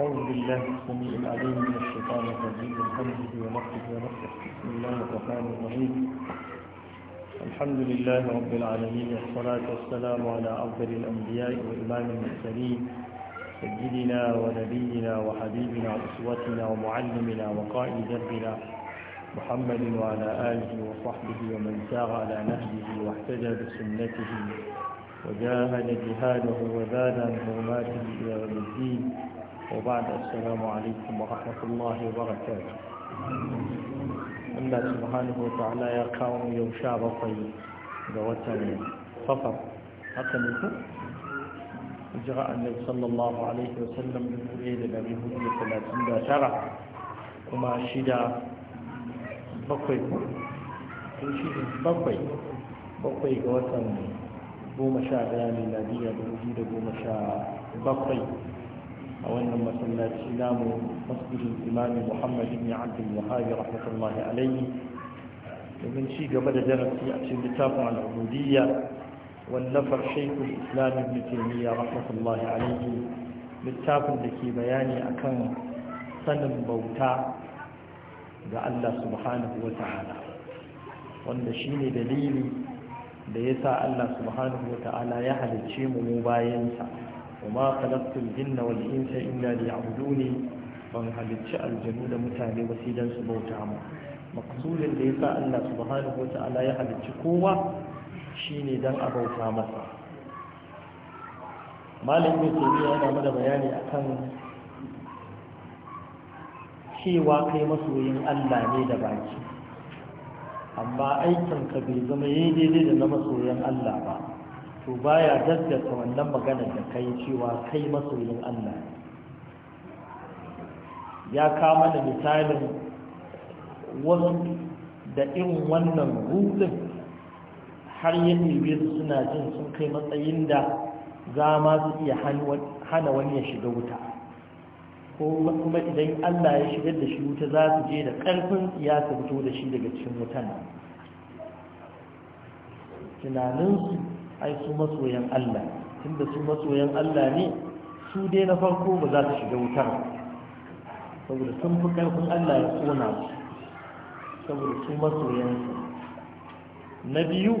أعوذ بالله السميع العليم من الشيطان الرجيم الحمد لله ونفسه ونفسه بسم الله الرحمن الرحيم الحمد لله رب العالمين والصلاة والسلام على أفضل الأنبياء وإمام المرسلين سيدنا ونبينا وحبيبنا وأسوتنا ومعلمنا وقائد دربنا محمد وعلى آله وصحبه ومن سار على نهجه واحتجى بسنته وجاهد جهاده وزاد من حرماته إلى يوم الدين وبعد السلام عليكم ورحمة الله وبركاته الله سبحانه وتعالى يا قوم يوشى طيب بطي دوتني فقط أقنك جراء النبي صلى الله عليه وسلم من قريد الأبي هدية لا تندى شرع وما شدى بقي كل شيء بقي بقي دوتني بوم شاء غالي نبي أبو هدية بوم شاء بقي بقي a wannan masallaci namu masjidin imami muhammad ibn abdul wahabi rahmatullahi domin ci gaba da darasi a cikin littafin al'ubudiyya wallafar shaikul islam ibn taymiya rahmatullahi alaihi littafin da ke bayani akan sanin bauta ga Allah subhanahu wa ta'ala wanda shine dalili da yasa Allah subhanahu wa ta'ala ya halicce mu mu bayansa وما خلقت الجن والإنس إلا ليعبدوني ban halicci aljanu da mutane ba sai su bauta mu maksudin da yasa Allah subhanahu wata'ala ya halicci kowa shine dan a bauta masa malam ibn yana mana bayani akan cewa kai masoyin Allah ne da baki amma aikin ka bai zama yayi daidai da na masoyin Allah ba to baya gaskata wannan magana da kai cewa kai masoyin Allah ya kama da misalin wasu da irin wannan rudin har ya ɗebe su suna jin sun kai matsayin da za ma su iya hana wani ya shiga wuta ko kuma idan Allah ya shigar da shi wuta za su je da ƙarfin ya su fito da shi daga cikin wutan tunaninsu ai su masoyan Allah tunda su masoyan Allah ne su dai na farko ba za su shiga wutar saboda sun fi karfin Allah ya kona su saboda su masoyan su na biyu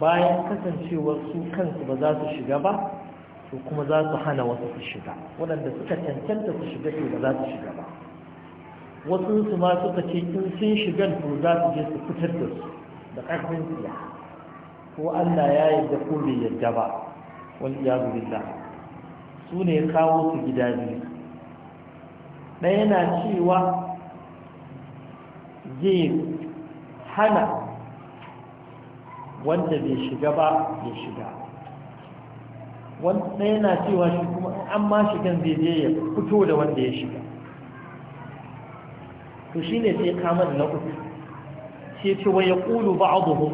bayan kasancewar su kansu ba za su shiga ba to kuma za su hana wasu su shiga waɗanda suka cancanta su shiga to ba za su shiga ba wasu su ma suka ce in sun shigan to za su je su fitar da su da ƙarfin siya ko Allah ya yarda ko bai yadda ba wal iyadu billah su ne kawo su gida biyu ɗaya na cewa zai hana wanda bai shiga ba ya shiga wanda yana cewa shi kuma an ma shigan zai je ya fito da wanda ya shiga to shi ne sai kamar na uku sai ce wa ya ƙulu ba abubu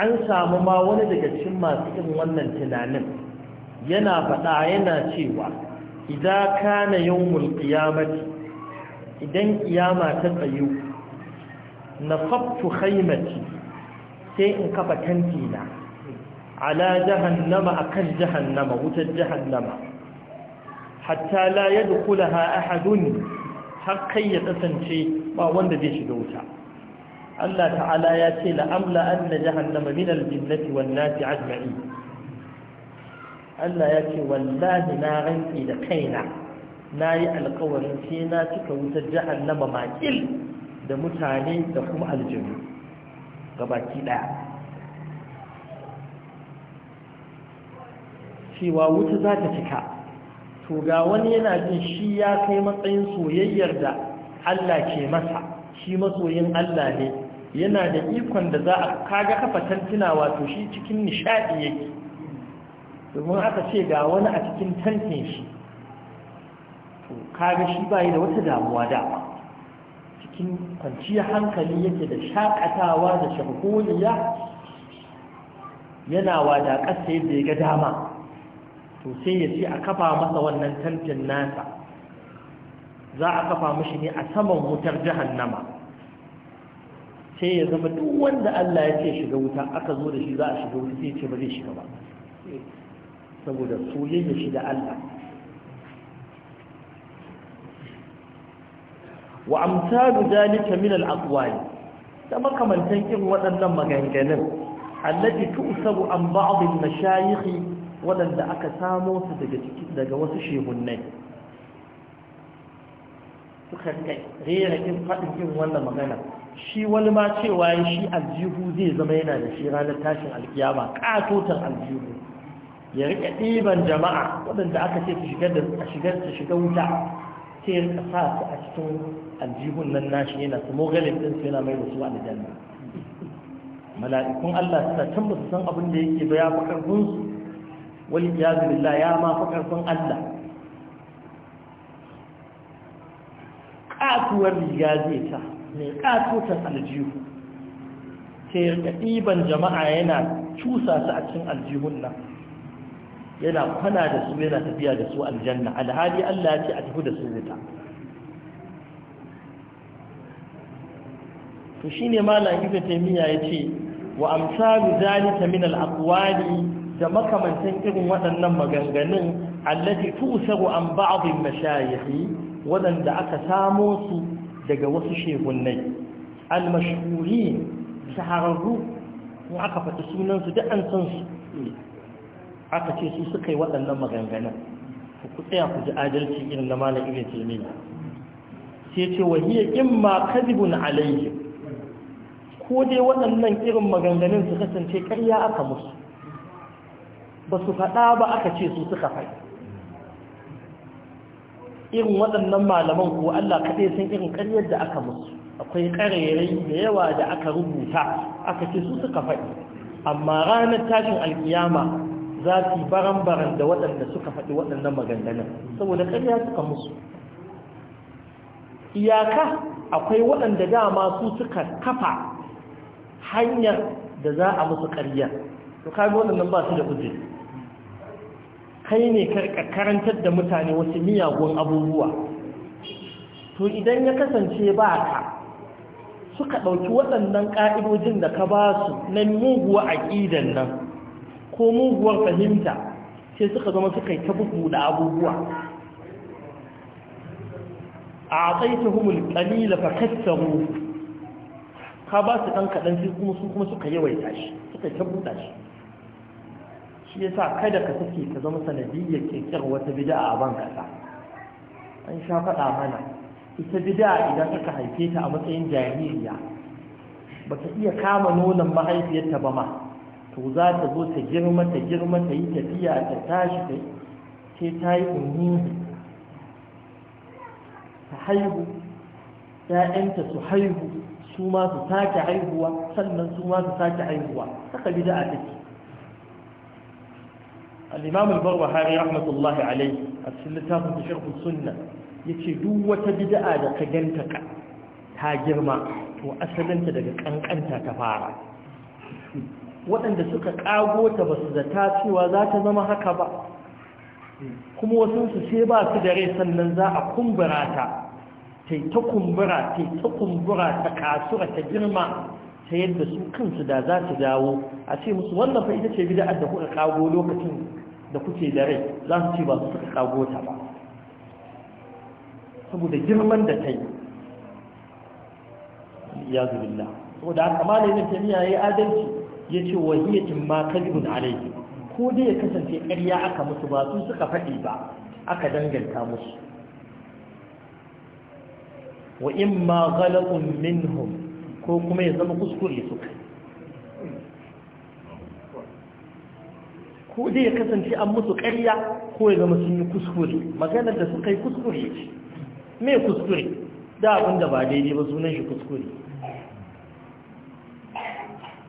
an samu ma wani daga cikin masu irin wannan tunanin yana faɗa yana cewa idan kana yawmul qiyamati idan kiyama ta tsayu nafaftu khaymati sai in kafa tanti na ala jahannama akan jahannama wutar jahannama hatta la yadkhulaha ahadun har kai ya kasance ba wanda zai shiga wuta Allah ta'ala ya ce la'amla an na jahannama min aljinnati wan ajma'i Allah ya ce wallahi na rantsi da kaina na yi alkawarin sai na cika wutar jahannama makil da mutane da kuma aljinu gabaki ɗaya cewa wuta za ta cika to ga wani yana jin shi ya kai matsayin soyayyar da Allah ke masa shi masoyin Allah ne yana da ikon da za a kaga kafa tantina wato shi cikin nishadi yake domin aka ce ga wani a cikin tantin shi to kaga shi bayi da wata damuwa da cikin kwanciyar hankali yake da shakatawa da shaholiya yana kasa yadda ya ga dama to sai ya ce a kafa masa wannan tantin nasa za a kafa mashi ne a saman wutar jahannama sai ya zama duk wanda Allah ya ce shiga wuta aka zo da shi za a shiga wuta sai ce ba zai shiga ba saboda soyayya shi da Allah wa amsalu dalika min al-aqwali da makamantan irin waɗannan maganganun allati tusabu an ba'd al-mashayikh waɗanda aka samo su daga daga wasu shehunnai suka rera kin faɗin yin wannan magana shi wani ma cewa shi aljihu zai zama yana da shi ranar tashin alkiyama katotar aljihu ya rika ɗiban jama'a waɗanda aka ce su shigar da shigar ta shiga wuta sai ya rika sa su a cikin aljihun nan nashi yana su mogalin ɗin su yana mai da su aljanna mala'ikun Allah suna can ba su san abin da yake ba ya fi karfin su wal iyazu billah ya ma fi karfin Allah katuwar riga zai ta mai ƙatotar aljihu ke ɗiban jama'a yana cusa su a cikin aljihun nan yana kwana da su yana tafiya da su aljanna alhali Allah ya ce a tafi da su wuta to shine malam ibnu taymiya yace wa amsalu zalika min al da makamantan irin waɗannan maganganun allati tusaru an ba'd al-mashayikh wadanda aka samo su daga wasu shehunnai almashuri, shahararru in aka fata sunansu da an san su aka ce su suka yi waɗannan maganganun ku tsaya ku ji adalci irin na malar irin taymiya sai ce wahiya imma kadibun alayhi ko dai waɗannan irin maganganun su kasance karya aka musu ba su faɗa ba aka ce su suka faɗi irin waɗannan malaman ko Allah kaɗai sun irin ƙaryar da aka musu akwai ƙarairayi da yawa da aka rubuta aka ce su suka faɗi amma ranar tashin alkiyama za su baran-baran da waɗanda suka faɗi waɗannan maganganun saboda ƙarya suka musu iyaka akwai waɗanda dama su suka kafa hanyar da za a musu ƙarya to kaga waɗannan ba su da uzuri kai ne karka karantar da mutane wasu miyagun abubuwa to idan ya kasance ba ka suka ɗauki waɗannan ƙa'idojin da ka ba su na muguwa aƙidan nan ko muguwar fahimta sai suka zama suka yi ta bugu da abubuwa a tsaita humul ƙalila fa mu ka ba su ɗan kaɗan kuma su kuma suka yawaita shi suka ta buɗa shi shi yasa kada ka sake ka zama sanadiyyar kirkirar wata bid'a a ban kasa an sha faɗa mana ita bid'a idan aka haife ta a matsayin jaririya ba ta iya kama nonon mahaifiyarta ba ma to za ta zo ta girma ta girma ta yi tafiya ta tashi ta ce ta yi unnihi ta haihu ‘ya'yanta su haihu su ma su sake haihuwa sannan su ma su sake haihuwa haka bida a take al-imam al-barbahari rahmatullahi alayhi a cikin littafin sharh sunna yace duk wata bid'a da ka ganta ka ta girma to asalinta daga ƙanƙanta ta fara waɗanda suka kago ta basu zata cewa za ta zama haka ba kuma wasu su sai ba su da rai sannan za a kumbura ta tai ta kumbura tai ta kumbura ta kasura ta girma ta yadda su kansu da za su dawo a ce musu wannan ita ce bid'ar da kuka kago lokacin da kuke da rai za su ce ba su suka kago ta ba saboda girman da ta yi ya zubilla saboda haka ta miya ya yi adalci ya ce wahiyatin ma kalbun alaiki ko dai ya kasance ƙarya aka musu ba su suka faɗi ba aka danganta musu wa in ma galaun minhum ko kuma ya zama kuskure suka ko zai ya kasance an musu ƙarya ko ya zama sun yi kuskure maganar da suka yi kuskure ce me kuskure da abin ba daidai ba sunan shi kuskure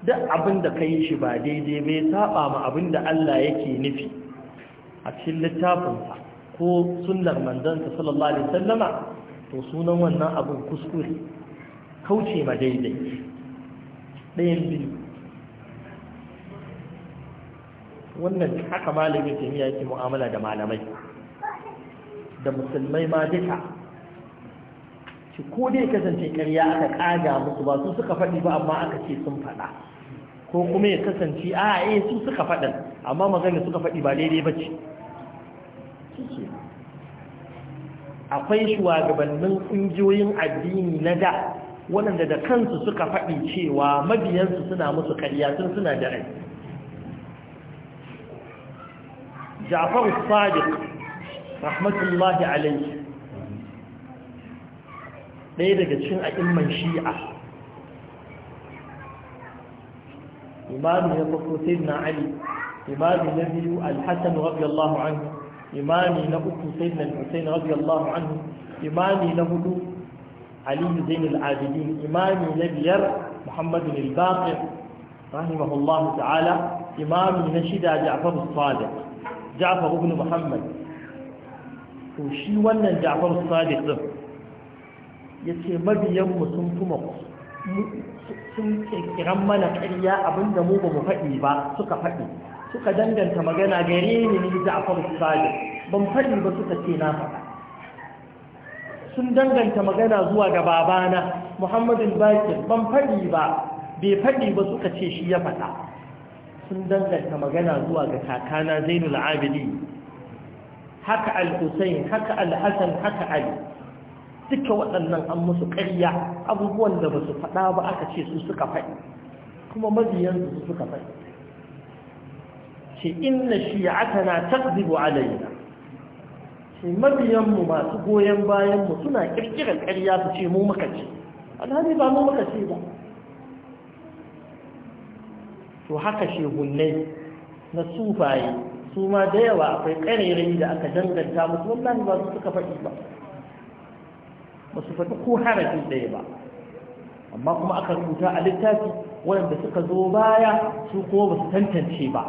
da abin ka yi shi ba daidai bai saba ma abinda Allah yake nufi a cikin littafinsa ko sunnar manzansa sallallahu alaihi wasallama to sunan wannan abin kuskure kauce ma daidai ɗayan biyu wannan haka malamin jami'a yake mu'amala da malamai da musulmai ma duka ci ko dai kasance ƙarya aka kaga musu ba su suka faɗi ba amma aka ce sun faɗa ko kuma ya kasance a eh su suka faɗin amma magana suka faɗi ba daidai ba ce akwai shugabannin ƙungiyoyin addini na da waɗanda da kansu suka faɗi cewa mabiyansu suna musu ƙarya sun suna da rai جعفر الصادق رحمة الله عليه ليه ده قد شن أئمة شيعة إمام يطفو سيدنا علي إمام نبي الحسن رضي الله عنه إمام نبو سيدنا الحسين رضي الله عنه إمام نبو علي زين العابدين إمام نبي محمد الباقر رحمه الله تعالى إمام نشيد جعفر الصادق ja'far ibn muhammad to shi wannan ja'far sadiq din yace mabiyan mu sun kuma sun kirkiran mana ƙarya abinda mu ba mu faɗi ba suka faɗi suka danganta magana gare ni ni ja'far sadiq ban faɗi ba suka ce na faɗa sun danganta magana zuwa ga babana muhammadin bakir ban faɗi ba bai faɗi ba suka ce shi ya faɗa sun danganta magana zuwa ga kakana zainul abidi haka al-husayn haka al-hasan haka ali duka waɗannan an musu ƙarya abubuwan da ba su faɗa ba aka ce su suka faɗi kuma mabiyan su suka faɗi ce inna shi'atana takzibu alaina ce mabiyan mu masu goyen bayan mu suna ƙirƙirar ƙarya su ce mu muka ce alhali ba mu muka ce ba to haka shehunnai na sufaye su ma da yawa akwai ƙarerai da aka danganta musu wallahi ba su suka faɗi ba ba su faɗi ko harafi ɗaya ba amma kuma aka rubuta a littafi waɗanda suka zo baya su kuma ba su tantance ba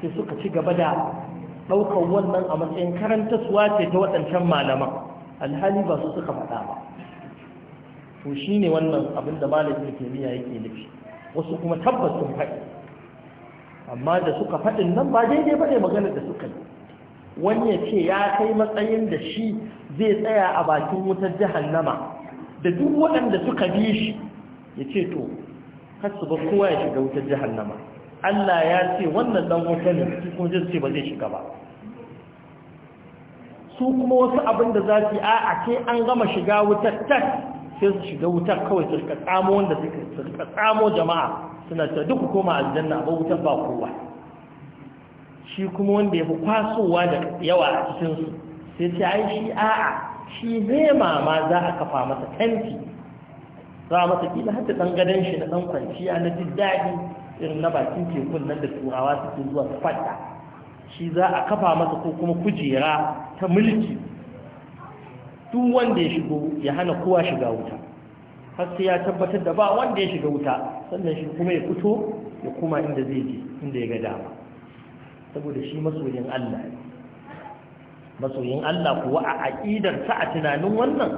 sai suka ci gaba da ɗaukar wannan a matsayin karantarsuwa ce ta waɗancan malaman alhali ba su suka faɗa ba to shine wannan abin da malamin kimiyya yake nufi wasu kuma tabbas sun faɗi amma da suka faɗin nan ba daidai ba ne maganar da suka yi wani ya ce ya kai matsayin da shi zai tsaya a bakin wutar jahannama da duk waɗanda suka bi shi ya ce to kasu ba kowa ya shiga wutar jahannama Allah ya ce wannan dan wata ne su kuma zai ce ba zai shiga ba su kuma wasu abin da za su yi a ce an gama shiga wutar tas sai su shiga wuta kawai su rika tsamo wanda su tsamo jama'a suna ta duk koma aljanna ba wutar ba kowa shi kuma wanda ya fi kwasowa da yawa a cikinsu sai ta ai shi a'a shi ne mama za a kafa masa kanti. za a masa kila hatta dan gadon shi na dan kwanciya na jin daɗi irin na bakin tekun nan da turawa suke zuwa su fadda shi za a kafa masa ko kuma kujera ta mulki duk wanda ya shigo ya hana kowa shiga wuta har sai ya tabbatar da ba wanda ya shiga wuta sannan shi kuma ya fito ya kuma inda zai je inda ya ga dama saboda shi masoyin Allah masoyin Allah kuwa a aqidar sa a tunanin wannan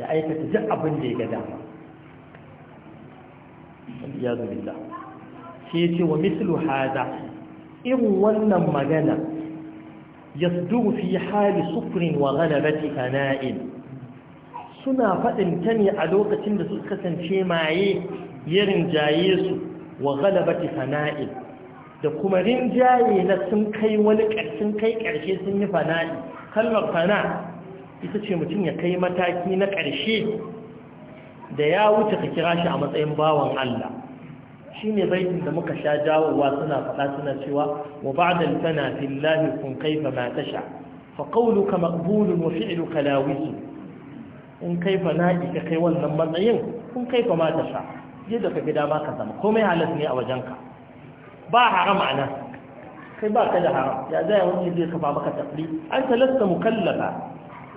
ya aikata duk abin da ya ga dama ya zubillah shi yace wa mislu hada irin wannan magana yasduru fi hali sufrin wa ghalabati ana'in suna faɗin ta ne a lokacin da suka kasance maye ya rinjayesu su wa ghalabati fana'in da kuma rinjaye na sun kai wani ƙarshen kai ƙarshe sun yi fana'i kalmar fana ita ce mutum ya kai mataki na ƙarshe da ya wuce ka kira shi a matsayin bawan Allah Shi ne baitin da muka sha jawowa suna faɗa suna cewa wa ba'da al-fana kun kaifa ma tasha fa qawluka maqbulun wa fi'luka lawis in kaifa na'i ka kai wannan matsayin kun kaifa ma tasha yadda ka gida dama ka zama komai halas ne a wajenka ba haram anan kai ba ka da haram ya zai wani zai kafa maka tafli an talasta mukallafa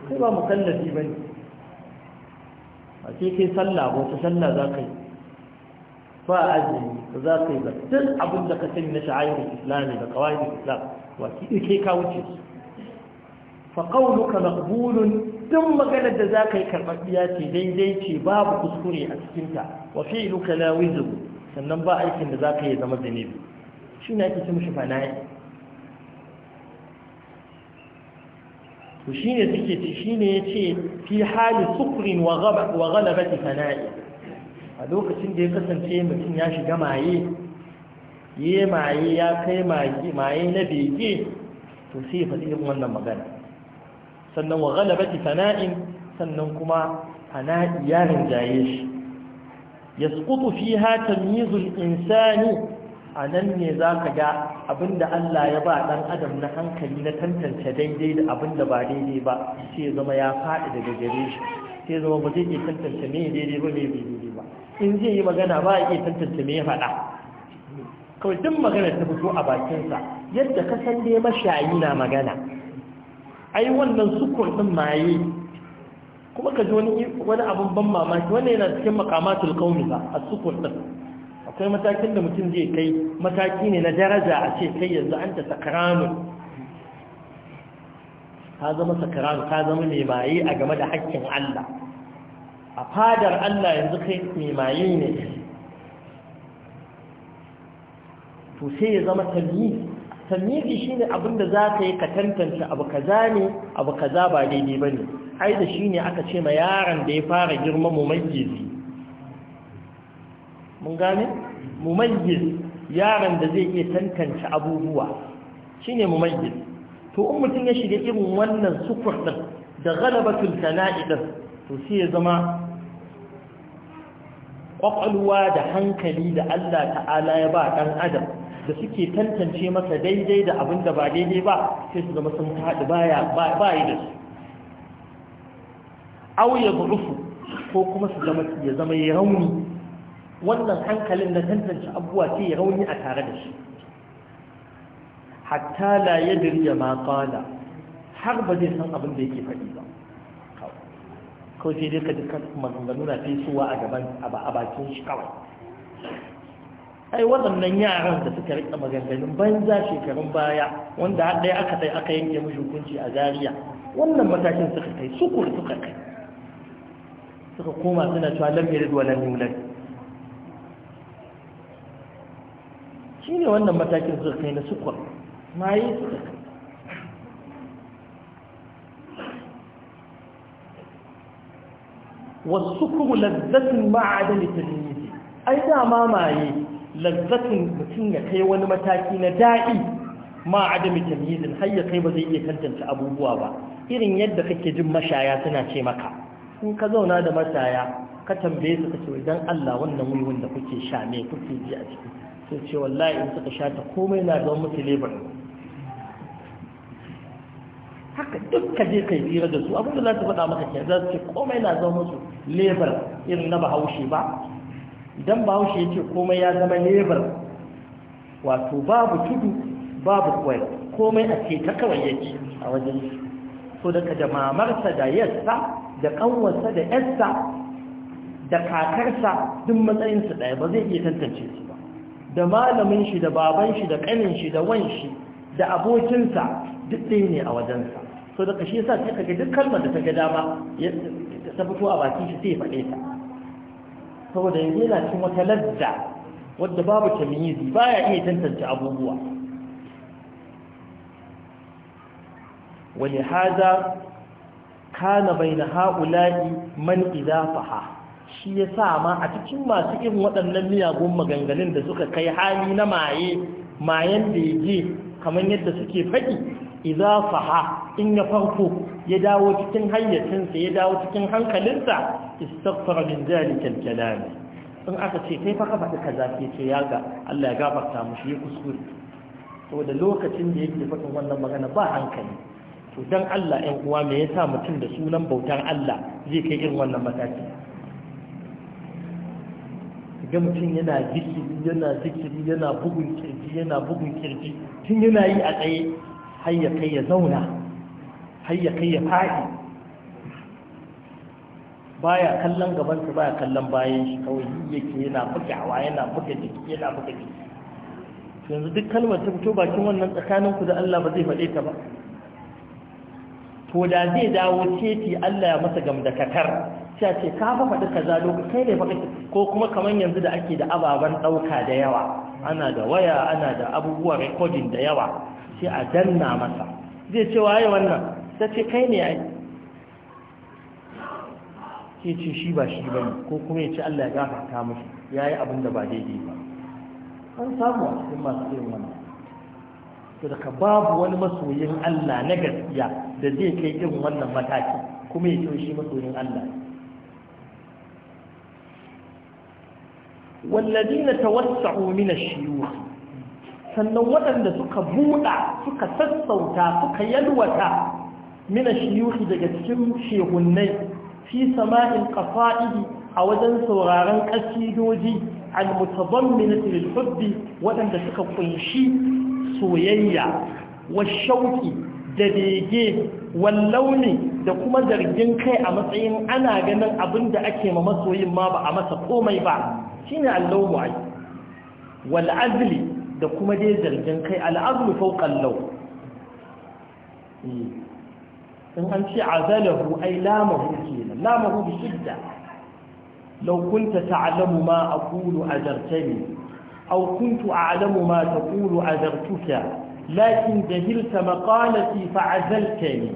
kai ba mukallafi bane a sai kai sallah wata sallah za ka yi فاعزه كذا كذا تن ابو ذا كتن مشاعر الاسلام ذا قواعد الاسلام وكيف كاوتش فقولك مقبول ثم كان ذا كاي كربيا تي دايداي تي باب كسكري اسكنتا وفعلك لا وزب sannan ba aikin da za ka yi zama zane ba shi ne ake cimushi fanayi ku shi ne suke ce shi ne ya ce fi hali sukurin wa galabati fanayi a lokacin da ya kasance mutum ya shiga maye yi maye ya kai maye na bege to sai ya faɗi wannan magana sannan wa galabati fana'in sannan kuma fana'i ya rinjaye shi ya sukutu fi hata mizul insani a nan ne za ka ga abinda Allah ya ba ɗan adam na hankali na tantance daidai da abinda ba daidai ba sai zama ya faɗi daga gare shi sai zama ba zai ke tantance mai daidai ba mai daidai in zai yi magana ba iya tantance ya faɗa kawai duk magana ta fito a bakinsa yadda ka san dai mashayi na magana ai wannan sukur maye kuma ka ji wani abin ban mamaki wannan yana cikin makamatul qaumi ba a sukur akwai matakin da mutum zai kai mataki ne na daraja a ce kai yanzu an ta sakaranu ka zama sakaranu ka zama mai maye a game da haƙƙin Allah a fadar Allah yanzu kai nemaye ne to sai ya zama talmizi talmizi shi ne abinda za ka yi ka tantance abu kaza ne abu kaza ba daidai ba ne ai da shi ne aka ce ma yaron da ya fara girma mumayyizi mun gane? mumayyiz yaron da zai iya tantance abubuwa shi ne mumayyiz to in mutum ya shiga irin wannan sukur da galabatul sana'i to sai ya zama ƙwaƙwalwa da hankali da Allah ta'ala ya ba ɗan adam da suke tantance masa daidai da abin da ba daidai ba sai su zama sun faɗi baya ba yi da su auya burufu ko kuma su zama ya zama ya rauni wannan hankalin na tantance abubuwa ce ya rauni a tare da shi hatta la yadri ma har ba zai san abin da yake faɗi ba ko sai dai ka ji maganganu na fesuwa a gaban a bakin shi kawai ai waɗannan yaran da suka rika maganganun banza shekarun baya wanda har ɗaya aka ɗai aka yanke mashi hukunci a zariya wannan matakin suka kai sukur suka kai suka koma suna cewa lam yalid wa lam yulad shine wannan matakin suka kai na sukur ma yi suka kai wasu kuma lazzatun ma'adin da tajimiti ai dama maye lazzatun mutum ya kai wani mataki na da'i ma'adin da har ya kai ba zai iya tantance abubuwa ba irin yadda kake jin mashaya suna ce maka in ka zauna da mashaya ka tambaye su ka idan Allah wannan wuyun da kuke sha me kuke ji a ciki sai ce wallahi in suka sha ta komai na zama musu lebar haka duk ka kai tsira da su abinda za su faɗa maka ke za su ce komai na zama musu lebar irin na bahaushe ba idan bahaushe ya ce komai ya zama lebar wato babu tudu babu kwai komai a ce ta kawai ce a wajen su so daga da mamarsa da yassa da kanwarsa da yassa da kakarsa duk matsayinsa ɗaya ba zai iya tantance su ba da malamin shi da baban shi da ƙanin shi da wanshi, da abokinsa duk ɗaya ne a wajensa so da kashi yasa sai kaga duk kalmar da ta ga dama ta fito a bakin shi sai ya faɗe ta saboda yanzu yana cikin wata ladda wadda babu tamizi baya iya tantance abubuwa Wani haza, kana bai na haƙula'i man faha shi ya sa ma a cikin masu irin waɗannan miyagun maganganun da suka kai hali na maye mayan da ya je kamar yadda suke faɗi iza faha in ya farko ya dawo cikin hayyacinsa ya dawo cikin hankalinsa istaghfara min zalika kalam in aka ce kai fa ka faɗi kaza ke ce ya ga Allah ya gafarta mushi ya kuskure saboda lokacin da yake faɗin wannan magana ba hankali to dan Allah ɗan uwa me yasa mutum da sunan bautar Allah zai kai irin wannan mataki ga mutum yana zikiri yana zikiri yana bugun kirji yana bugun kirji tun yana yi a tsaye hayya ya kai ya zauna hayya ya kai ya faɗi baya kallon gaban gabansa baya kallon bayan shi kawai yake yana bugawa yana buga jiki yana buga jiki yanzu duk kalmar ta fito bakin wannan tsakaninku da Allah ba zai faɗe ta ba to da zai dawo ceci Allah ya masa katar sai ce ka fa faɗi kaza lokaci kai ne fa ko kuma kaman yanzu da ake da ababen ɗauka da yawa ana da waya ana da abubuwa recording da yawa sai a danna masa zai ce waye wannan ta ce kai ne ai ke ce shi ba shi bane ko kuma ya ce Allah ya gafarta mashi? ya yi abin da ba daidai ba an samu a cikin masu irin wannan to daga babu wani masoyin Allah na gaskiya da zai kai irin wannan mataki kuma ya ce shi masoyin Allah والذين توسعوا من الشيوخ sannan waɗanda suka buɗa suka sassauta suka yalwata mina shiyuhi daga cikin shehunnai fi sama'in ƙasa'idi a wajen sauraron ƙasidoji al-mutabamminati lil hubbi waɗanda suka ƙunshi soyayya wa shauki da bege wallauni da kuma zargin kai a matsayin ana ganin abin da ake ma masoyin ma ba a masa komai ba shine allawmu ai wal da kuma dai zargin kai al'azlu fawqal law eh. in an ce azalahu ai lamahu kenan lamahu bi shidda law ta ta'lamu ma aqulu ajartani aw kuntu a'lamu ma ta a ajartuka lakin da hirta jahilta maqalati fa'azaltani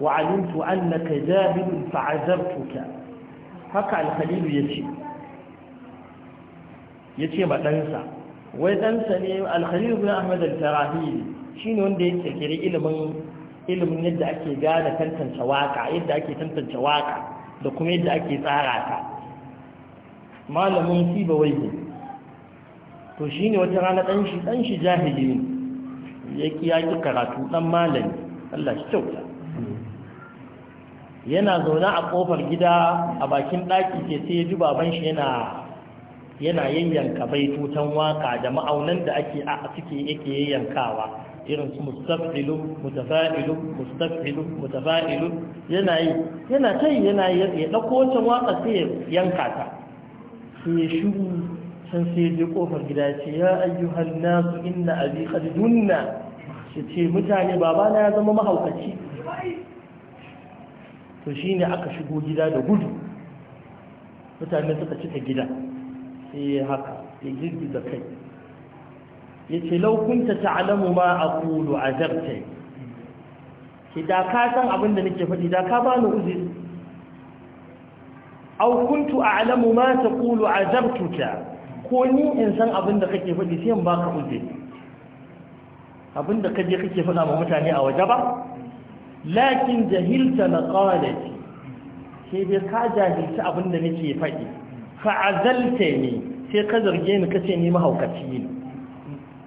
wa 'alimtu annaka jahilun fa'azartuka haka al ya ce yace ma ɗansa wai ɗansa ne alkhalilu bin ahmad al shi shine wanda yake kirkiri ilimin yadda ake gane tantance waka yadda ake tantance waka da kuma yadda ake tsara ta malamin siba waihe to shine wata rana ɗan shi shi jahili ne ya karatu ɗan malami Allah shi kyauta yana zaune a kofar gida a bakin ɗaki ke sai ya ji baban shi yana yana yayyanka baitutan waka da ma'aunan da ake a suke yake yankawa irin su mustafilu mutafa'ilu mustafilu mutafa'ilu yana yi yana kai yana ya dauko wancan waka sai ya yanka ta sai ya shiru san sai ya kofar gida ce ya ayyuhan nasu inna abi qad dunna shi ce mutane babana ya zama mahaukaci to shine aka shigo gida da gudu mutane suka cika gida sai haka ya da kai ya ce laukunta ta alamu ma a kulu a zartai ki da ka san abin da nake faɗi da ka ba ni uzuri au a a'lamu ma ta Kulu a zartuta, ko ni in san abin da kake faɗi sai in ba ka uzuri abin da kaje kake faɗa ma mutane a waje ba lakin jahilta maqalati sai dai ka jahilci abin da nake faɗi fa'azaltani sai ka zarge ni kace ni mahaukaci ne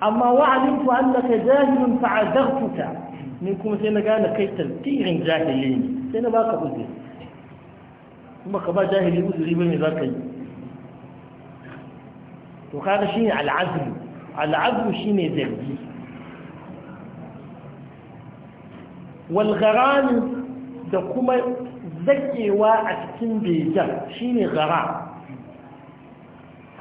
amma wa'alintu annaka jahilun fa'azartuka ni kuma sai na gane kai tantirin jahili ne sai na ba ka uzuri kuma ka ba jahili uzuri bane za ka yi to kaga shine al'azm shi ne zargi wal da kuma zakewa a cikin bejan ne gharan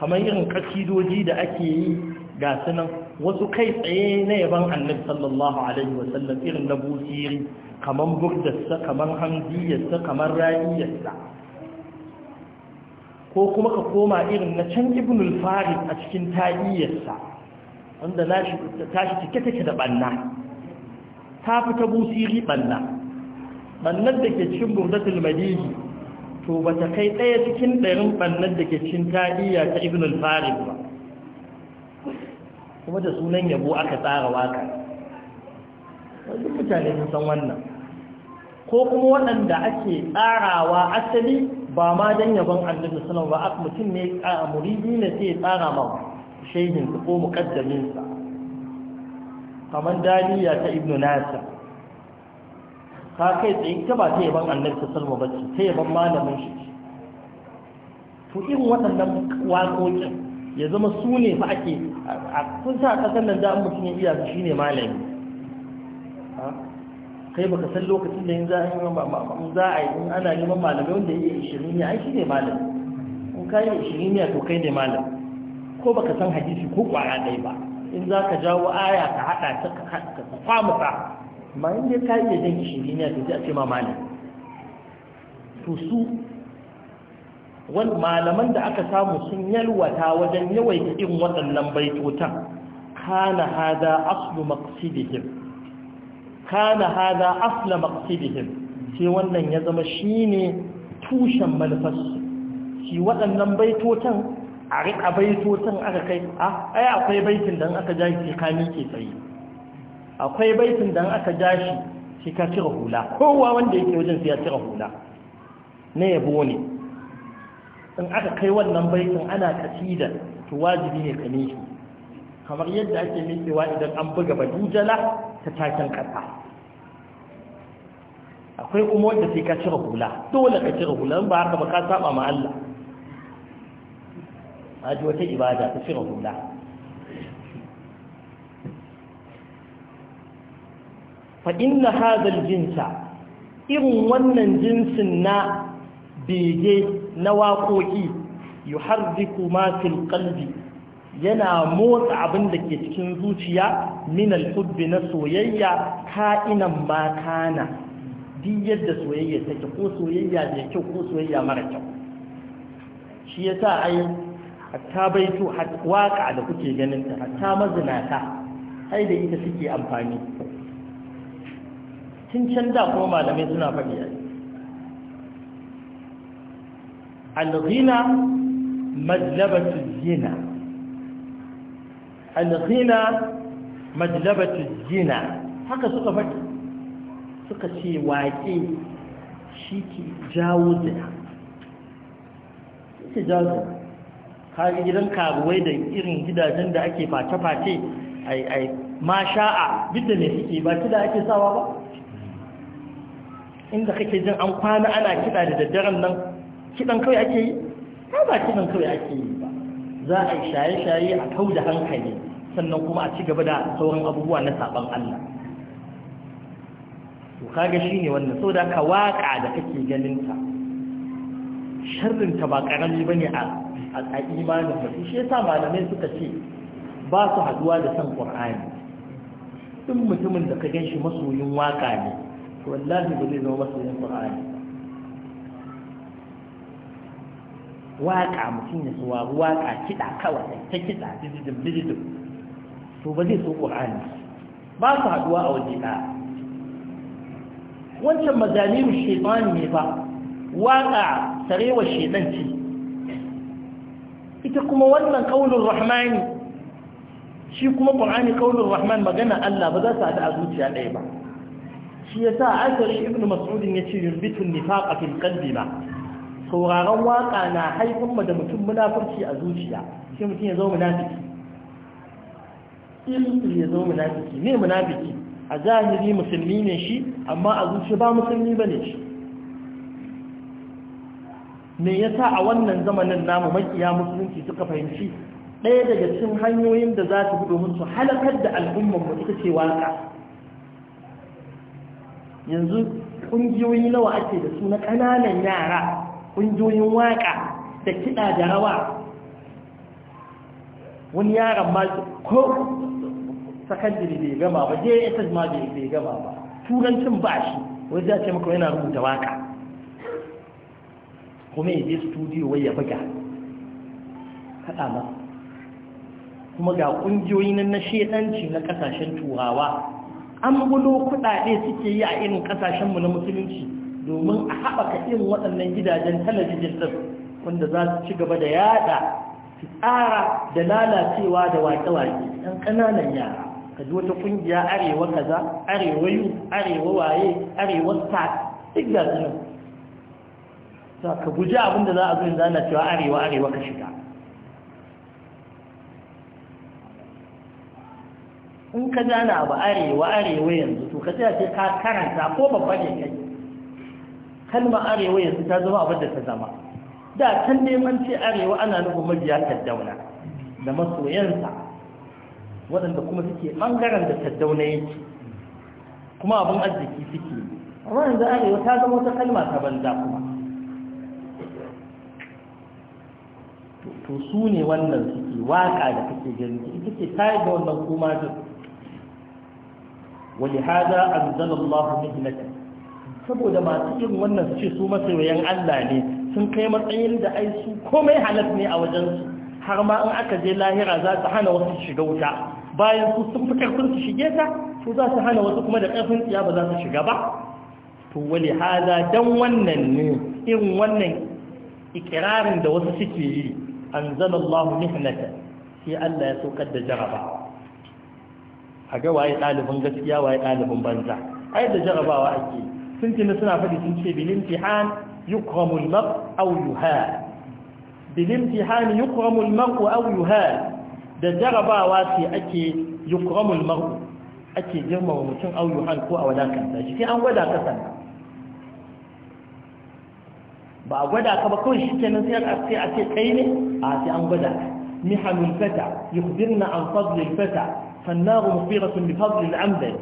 kamar irin kasidoji da ake yi ga sunan wasu kai tsaye na yaban annabi sallallahu alaihi wasallam irin na busiri kamar burdarsa kamar hamdiyarsa kamar ra'iyarsa ko kuma ka koma irin na can ibnul farid a cikin ta'iyarsa wanda tashi cike take da banna ta fita busiri banna bannan da ke cikin burdatul madini to ba ta kai ɗaya cikin ɗarin ɓannar da ke cikin ta'iyya ta ibn al-farid ba kuma da sunan yabo aka tsara waka Wani mutane sun san wannan ko kuma waɗanda ake tsarawa asali ba ma don yabon annabi sunan ba wasallam mutum ne a muridi ne sai tsara ma shaidinsa ko mukaddaminsa kamar daliya ta ibnu nasir ka kai tsaye ta ba ta yaban ta salma ba ce ta yaban malamin shi to irin waɗannan waƙoƙin ya zama su ne fa ake a kun sa ƙasar nan da mutum ya iya shi ne malami kai baka san lokacin da yanzu an za a yi in ana neman malamai wanda ya yi ishirin ya ai shi ne malami in ka yi ishirin ya to kai ne malami ko baka san hadisi ko ƙwara ɗaya ba in za ka jawo aya ka haɗa ta ka kwamuta ma inda ka iya jan injiniya to sai a ce ma malami to su malaman da aka samu sun yalwata wajen yawaita irin waɗannan baitotan kana hada aslu maqsidihim kana hada maqsidihim sai wannan ya zama shine tushen manufarsu shi waɗannan baitotan a riƙa baitotan aka kai a ah, ai akwai baitin da aka ja ka kami ke tsaye akwai baitin da aka ja shi shi ka cire hula kowa wanda yake wajen sai ya cire hula na yabo ne in aka kai wannan baitin ana kasida to wajibi ne ka kamar yadda ake miƙewa idan an buga badujala ta taken kasa akwai kuma wanda sai ka cire hula dole ka cire hula ba haka ba ka saba ma Allah aji wata ibada ta cire hula fa inna hadhal jinsa irin wannan jinsin na bege na waƙoƙi yuharriku ma fil qalbi yana motsa abin da ke cikin zuciya min alhubbi na soyayya ka'inan ba kana duk yadda soyayya take ko soyayya da kyau ko soyayya mara kyau shi yasa ai hatta baito waka da kuke ganin ta hatta mazinata sai da ita suke amfani tun can da kuma malamai suna faɗi a al-ghina majlabatu zina al-ghina majlabatu zina haka suka faɗi suka ce waƙe shi ke jawo zina ke jawo zina kari gidan karuwai da irin gidajen da ake face-face a ma sha'a duk ne suke ba da ake sawa ba inda kake jin an kwana ana kiɗa da daddaren nan kiɗan kawai ake yi ta ba kiɗan kawai ake yi ba za a yi shaye-shaye a kau da hankali sannan kuma a ci gaba da sauran abubuwa na saɓon Allah to kaga shi ne wannan sau da ka waƙa da kake ganinta sharrinta ba ƙarami ba ne a imanin mutum shi yasa malamai suka ce ba su haduwa da san ƙur'ani duk mutumin da ka gan shi masoyin waƙa ne to wallahi ba zai zama masoyin qur'ani Waƙa mutum ya suwa waƙa kiɗa kawai ta kiɗa dijidim dijidim to ba zai so ƙur'ani. ba su haɗuwa a waje ɗaya wancan mazalimin shaitan ne ba waƙa sarewar shaitan ce ita kuma wannan kaunin rahmani shi kuma ƙur'ani kaunin rahman magana Allah ba za su haɗu a zuciya ɗaya ba shi ya sa yasa asari ibnu mas'ud yace yurbitu nifaqa fil qalbi ba sauraron waka na haifin da mutum munafurci a zuciya sai mutum ya zo munafiki ilmi ya zo munafiki ne munafiki a zahiri musulmi ne shi amma a zuciya ba musulmi ne shi me sa a wannan zamanin namu makiya musulunci suka fahimci ɗaya daga cin hanyoyin da za su bi domin su halakar da al'ummanmu mu ita ce waka yanzu ƙungiyoyi nawa ake da su na ƙananan yara ƙungiyoyin waƙa da kiɗa da rawa wani yaran ma ko sakandiri bai gama ba jss ma bai gama ba turancin ba shi wani za ce maka yana rubuta waƙa kuma ya je studio wai ya buga kaɗa ma kuma ga ƙungiyoyi na shedanci na ƙasashen turawa an gudu kuɗaɗe suke yi a irin ƙasashenmu na musulunci domin a haɓaka irin waɗannan gidajen talabijin ɗin wanda za su ci gaba da yada su tsara da lalacewa da waƙe-waƙe ɗan ƙananan yara ka ji wata ƙungiya arewa kaza arewa yu arewa waye arewa ta duk ga su ka guji abinda za a zo yanzu lalacewa, arewa arewa ka shiga in ka gane abu arewa arewa yanzu to ka tsaya sai ka karanta ko babba ne kai kalma arewa yanzu ta zama abin da ta zama da can neman ce arewa ana nufin mabiya taddauna da masoyansa waɗanda kuma suke ɓangaren da taddauna yake kuma abin arziki suke amma yanzu arewa ta zama wata kalma ta banza kuma to su ne wannan suke waƙa da kake gani ita ce tayar da wannan kuma duk ولهذا أنزل الله مهنته saboda masu irin wannan su ce su masoyan Allah ne sun kai matsayin da ai su komai halat ne a wajensu har ma in aka je lahira za su hana wasu shiga wuta bayan su sun fi karfin su shige ta to za su hana wasu kuma da karfin tsiya ba za su shiga ba to wali hada dan wannan ne irin wannan ikirarin da wasu suke yi anzalallahu mihnata sai Allah ya saukar da jarabawa a ga waye ɗalibin gaskiya waye ɗalibin banza ai da jarabawa ake sun tuni suna faɗi sun ce bil imtihan yukramu al-mar aw yuha bil imtihan yukramu al-mar aw yuha da jarabawa sai ake yukramu al-mar ake girmama mutum aw yuhan ko a wadakanta shi sai an gwada ka sannan ba a gwada ka ba kawai shi kenan sai a ce kai ne a sai an gwada ka محن الفتى يخبرن عن فضل الفتى فالنار مخبرة بفضل العمد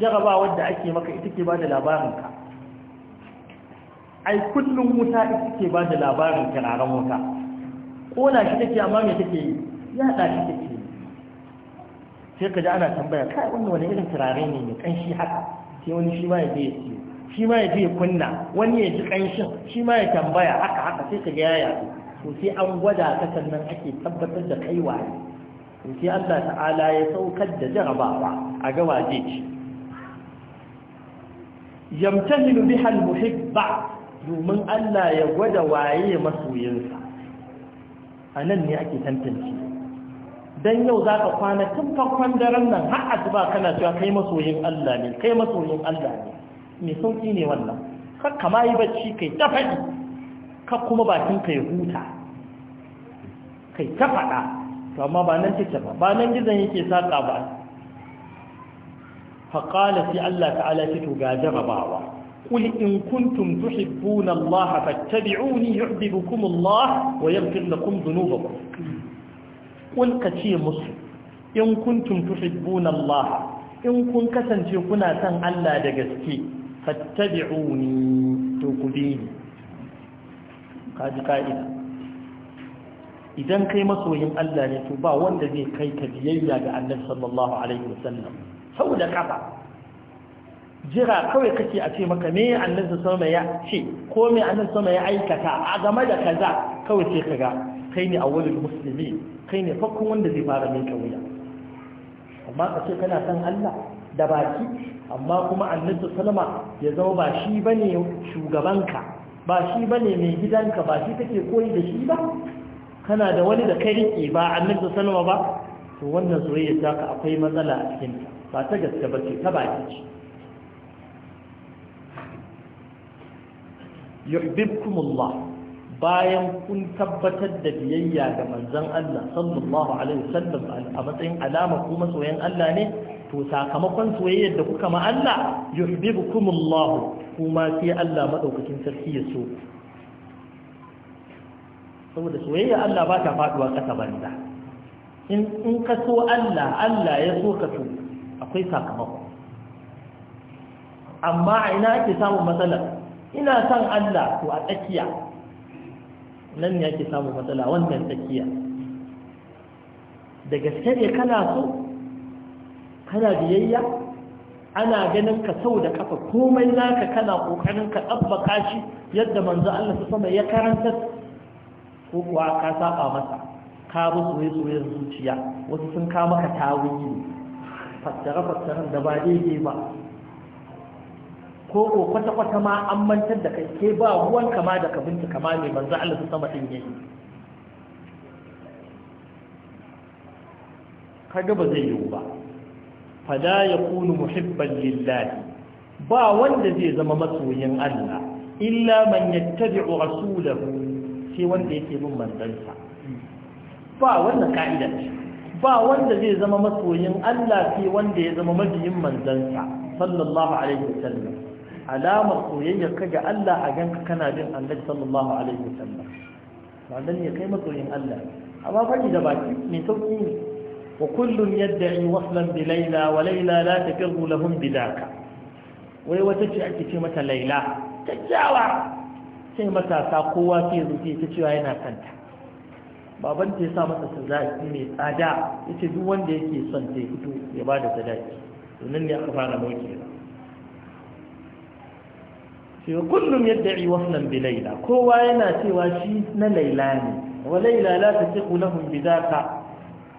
جربا ودع أكي مكا إتكي لابارنك أي كل موتا إتكي لابارنك على موتا قولا شتكي أمامي تكي يا لا شتكي sai ka ji ana tambaya kai wannan wani irin turare ne mai kanshi haka sai wani shi ma ya je ya ciyo shi ma ya je ya kunna wani ya ji kanshin shi ma ya tambaya haka haka sai ka ga ya yaso to sai an gwada ka sannan ake tabbatar da kai waye to sai Allah ta'ala ya saukar da jarabawa a ga waje ce yamtahilu biha al-muhibba domin Allah ya gwada waye masoyinsa anan ne ake tantance dan yau za ka kwana tun farkon daren nan har asuba kana cewa kai masoyin Allah ne kai masoyin Allah ne me sauki ne wannan kar ka mai bacci kai ta faɗi ka kuma bakin ka ya huta kai ta faɗa to amma ba nan take ba ba nan gizon yake saka ba faƙala sai Allah ta'ala ce to ga jarabawa قل إن كنتم تحبون الله فاتبعوني يعذبكم الله ويغفر لكم ذنوبكم قل كتير مسلم إن كنتم تحبون الله إن كنت كسنتي كنا سن الله دقسكي فاتبعوني تقبيني kaji ka'ida idan kai masoyin Allah ne to ba wanda zai kai ka biyayya ga annabi sallallahu alaihi wasallam saboda kafa jira kawai kake a ce maka me annabi sama ya ce ko me annabi sama ya aikata a game da kaza kawai sai kaga kai ne awwalul muslimin kai ne farkon wanda zai fara mai kauya amma ka ce kana san Allah da baki amma kuma annabi sallama ya zama ba shi bane shugabanka ba shi ba ne mai gidanka ba shi take koyi da shi ba kana da wani da kai riƙe ba a da salama ba to wannan soyayya ta ka akwai matsala a cikin ba ta gaske ba ce ta baki ce yuhibbukumullah bayan kun tabbatar da biyayya ga manzon Allah sallallahu alaihi wasallam a matsayin alama kuma soyayyen Allah ne to sakamakon soyayyar da kuka ma Allah yuhibbukumullah kuma sai Allah madaukakin sarki ya so saboda soyayya Allah ba ta faduwa kasa banza in in ka so Allah Allah ya so ka to akwai sakamako amma a ina ake samun matsala ina son Allah to a tsakiya nan ne ake samun matsala wannan tsakiya da gaske kana so kana biyayya ana ganin ka sau da kafa komai naka kana kokarin ka tsabbaka shi yadda manzo Allah sama ya karanta ko kuwa ka saba masa ka bi soyayya zuciya wasu sun ka maka tawili fatara fatara da ba daidai ba ko ko kwata kwata ma an mantar da kai ke ba ruwan kama da ka bincika ma mai manzo Allah sama din yayi kaga ba zai yiwu ba ya yakunu muhibban lillahi ba wanda zai zama masoyin Allah illa man yattabi'u rasulahu sai wanda yake bin manzansa ba wannan ka'ida ce ba wanda zai zama masoyin Allah sai wanda ya zama mabiyin manzansa sallallahu alaihi wasallam alama soyayya kaga Allah a ganka kana bin Annabi sallallahu alaihi wasallam ba dan ya kai masoyin Allah amma fadi da baki mai sauki ne وكل يدعي وصلا بليلى وليلى لا تفر لهم بذاك ويوتجي أكي تيمة ليلى تجاوى تيمة ساقوة في ذكي تجوى هنا كنت baban ta ya sa masa sadaki mai tsada ya ce duk wanda yake son ta fito ya ba da sadaki domin ne aka fara mauki sai kullum yadda yi wasnan bi laila kowa yana cewa shi na laila ne wa laila ta ce kulahun bi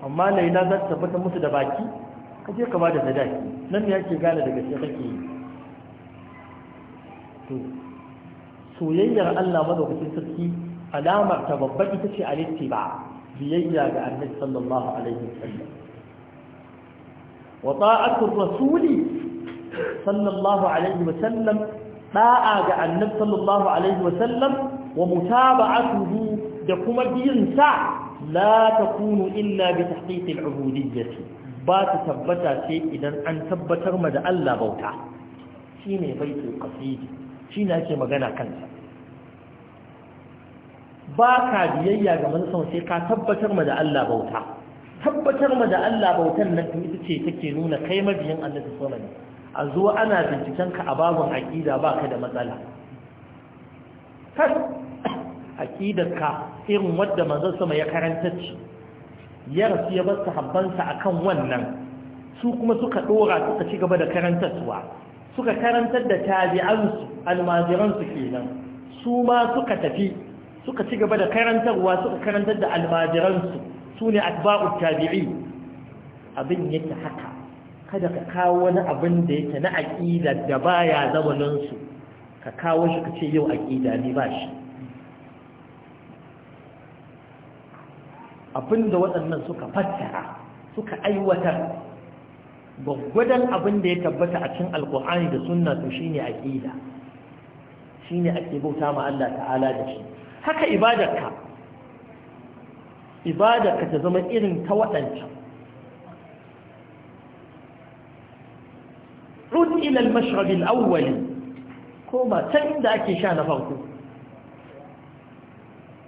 amma laila za ta tabbatar musu da baki ka je ka ba da sadaki nan ya ce gane daga shi kake yi to soyayyar Allah madaukakin sarki alamar ta babba ita ce alittiba biyayya ga annabi sallallahu alaihi wasallam wa ta'atu rasuli sallallahu alaihi wasallam da'a ga annabi sallallahu alaihi wasallam wa mutaba'atuhu da kuma biyin sa la kunu illa bi tahqiqil ubudiyyati ba ta tabbata sai idan an tabbatar ma da Allah bauta shine baitul qasid shine ake magana kansa ba ka biyayya ga manzon sai ka tabbatar ma da Allah bauta tabbatar ma da Allah bautan nan ita ce take nuna kai mabiyin Allah sallallahu a zo ana binciken ka a babun aqida ba ka da matsala kar aqidar irin wadda manzon sama ya karanta ci ya rasu ya bar sahabbansa akan wannan su kuma suka dora suka ci gaba da karantarwa suka karantar da tabi'ansu almajiransu kenan su ma suka tafi suka ci gaba da karantarwa suka karantar da almajiransu su ne atba'u tabi'i abin yake haka kada ka kawo wani abin da yake na aƙida da baya zamaninsu ka kawo shi ka ce yau aƙida ne ba shi abinda waɗannan suka fassara suka aiwatar gwaggwadon abinda ya tabbata a cikin alkur'ani da sunna to shine aqida shine ake bauta ma Allah ta'ala da shi haka ibadarka ibadarka ta zama irin ta waɗancan rud ila al-mashrab al-awwal ko ba ta inda ake sha na farko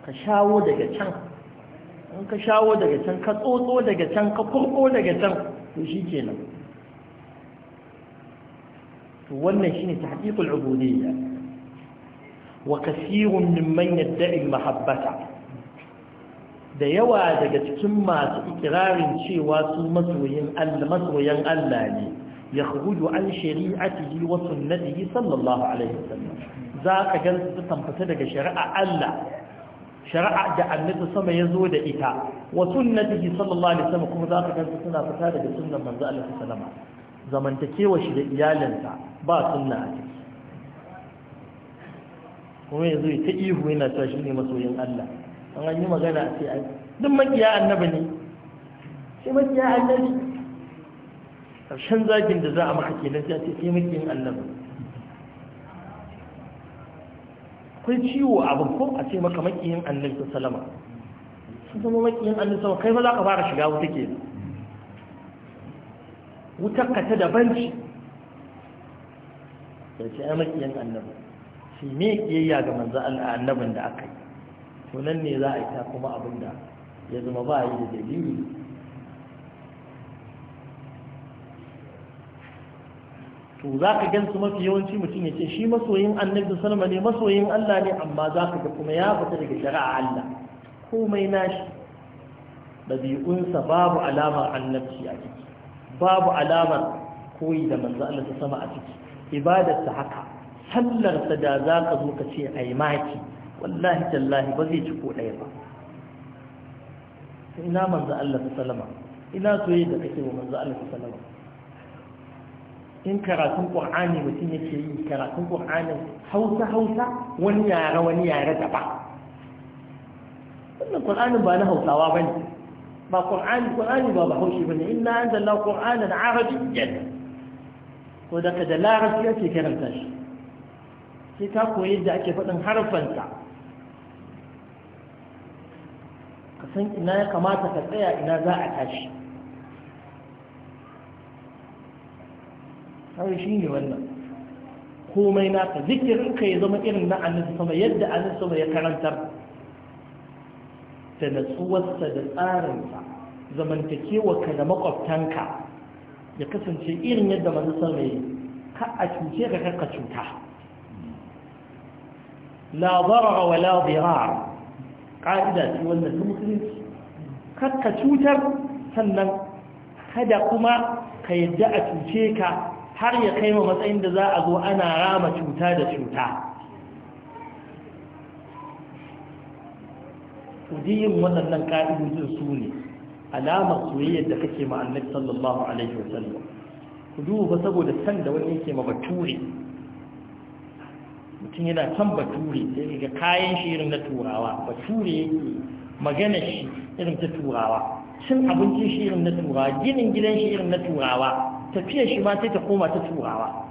ka shawo daga can in ka shawo daga can ka tsotso daga can ka kurko daga can to shi kenan to wannan shine tahqiqul ubudiyya wa kaseerun mimman yadda'i mahabbata da yawa daga cikin masu ikirarin cewa su masoyin Allah masoyan Allah ne ya khuruju an shari'atihi wa sunnatihi sallallahu alaihi wasallam za ka gansu su tamfata daga shari'a Allah shari'a da annabi sama ya zo da ita wa sunnatihi sallallahu alaihi wasallam kuma za ka gansu suna fita daga sunnan manzo Allah sallama zamantakewa shi da iyalinsa ba sunna a ciki kuma yanzu ta ihu yana ta shi ne masoyin Allah an an yi magana a ce ai duk makiya annabi ne sai makiya annabi karshen zagin da za a maka kenan sai a ce sai makiyin annabi akwai ciwo abin ko a ce maka makiyin annabi sallama sun zama makiyin annabi sallama kai ma za ka fara shiga wuta ke wutar ka ta daban ci da ce ai makiyin annabi shi me kiyayya ga manzo annabin da aka yi to nan ne za a yi ta kuma abin da ya zama ba yi da dalili to za ka gansu mafi yawanci mutum ya ce shi masoyin annabi salma ne masoyin Allah ne amma za ka ga kuma ya fita daga shari'a Allah komai nashi ɗabi'unsa babu alamar annabci a ciki babu alamar koyi da manzo Allah ta sama a ciki ibadarsa haka sallarsa da za ka zo ka ce ai maki wallahi tallahi ba zai ci ko ɗaya ba ina manzo Allah ta salama ina soyayya da kake wa manzo Allah ta salama in karatun ƙur'ani mutum yake yi karatun ƙur'anin hausa hausa wani yare wani yare daba wannan ƙur'anin ba na hausawa ba ne ba ƙur'ani ƙur'ani ba ba haushi ba ne inna an zalla ƙur'anin arabiyyan ko da ka da larabci ake karanta shi sai ka koyi yadda ake faɗin harfansa ka san ina ya kamata ka tsaya ina za a tashi har shi ne wannan komai naka zikirin ka ya zama irin na annabi sama yadda annabi sama ya karantar da natsuwarsa da tsarinsa zamantakewa ka da makwabtanka ya kasance irin yadda masu sama yi ka a cuce ka ka cuta la darara wa la dirar ka'ida ce wannan ta musulunci kakka cutar sannan kada kuma ka yadda a cuce ka har ya kai ma matsayin da za a zo ana rama cuta da cuta kudiyin waɗannan ƙa'idojin su ne alamar soyayyar da kake ma annabi sallallahu alaihi wa sallam ku duba saboda san da wani yake ma bature mutum yana san bature sai ga kayan shi irin na turawa bature yake magana shi irin ta turawa cin abincin shi irin na turawa ginin gidan shi irin na turawa tafiyar shi ma sai ta koma ta turawa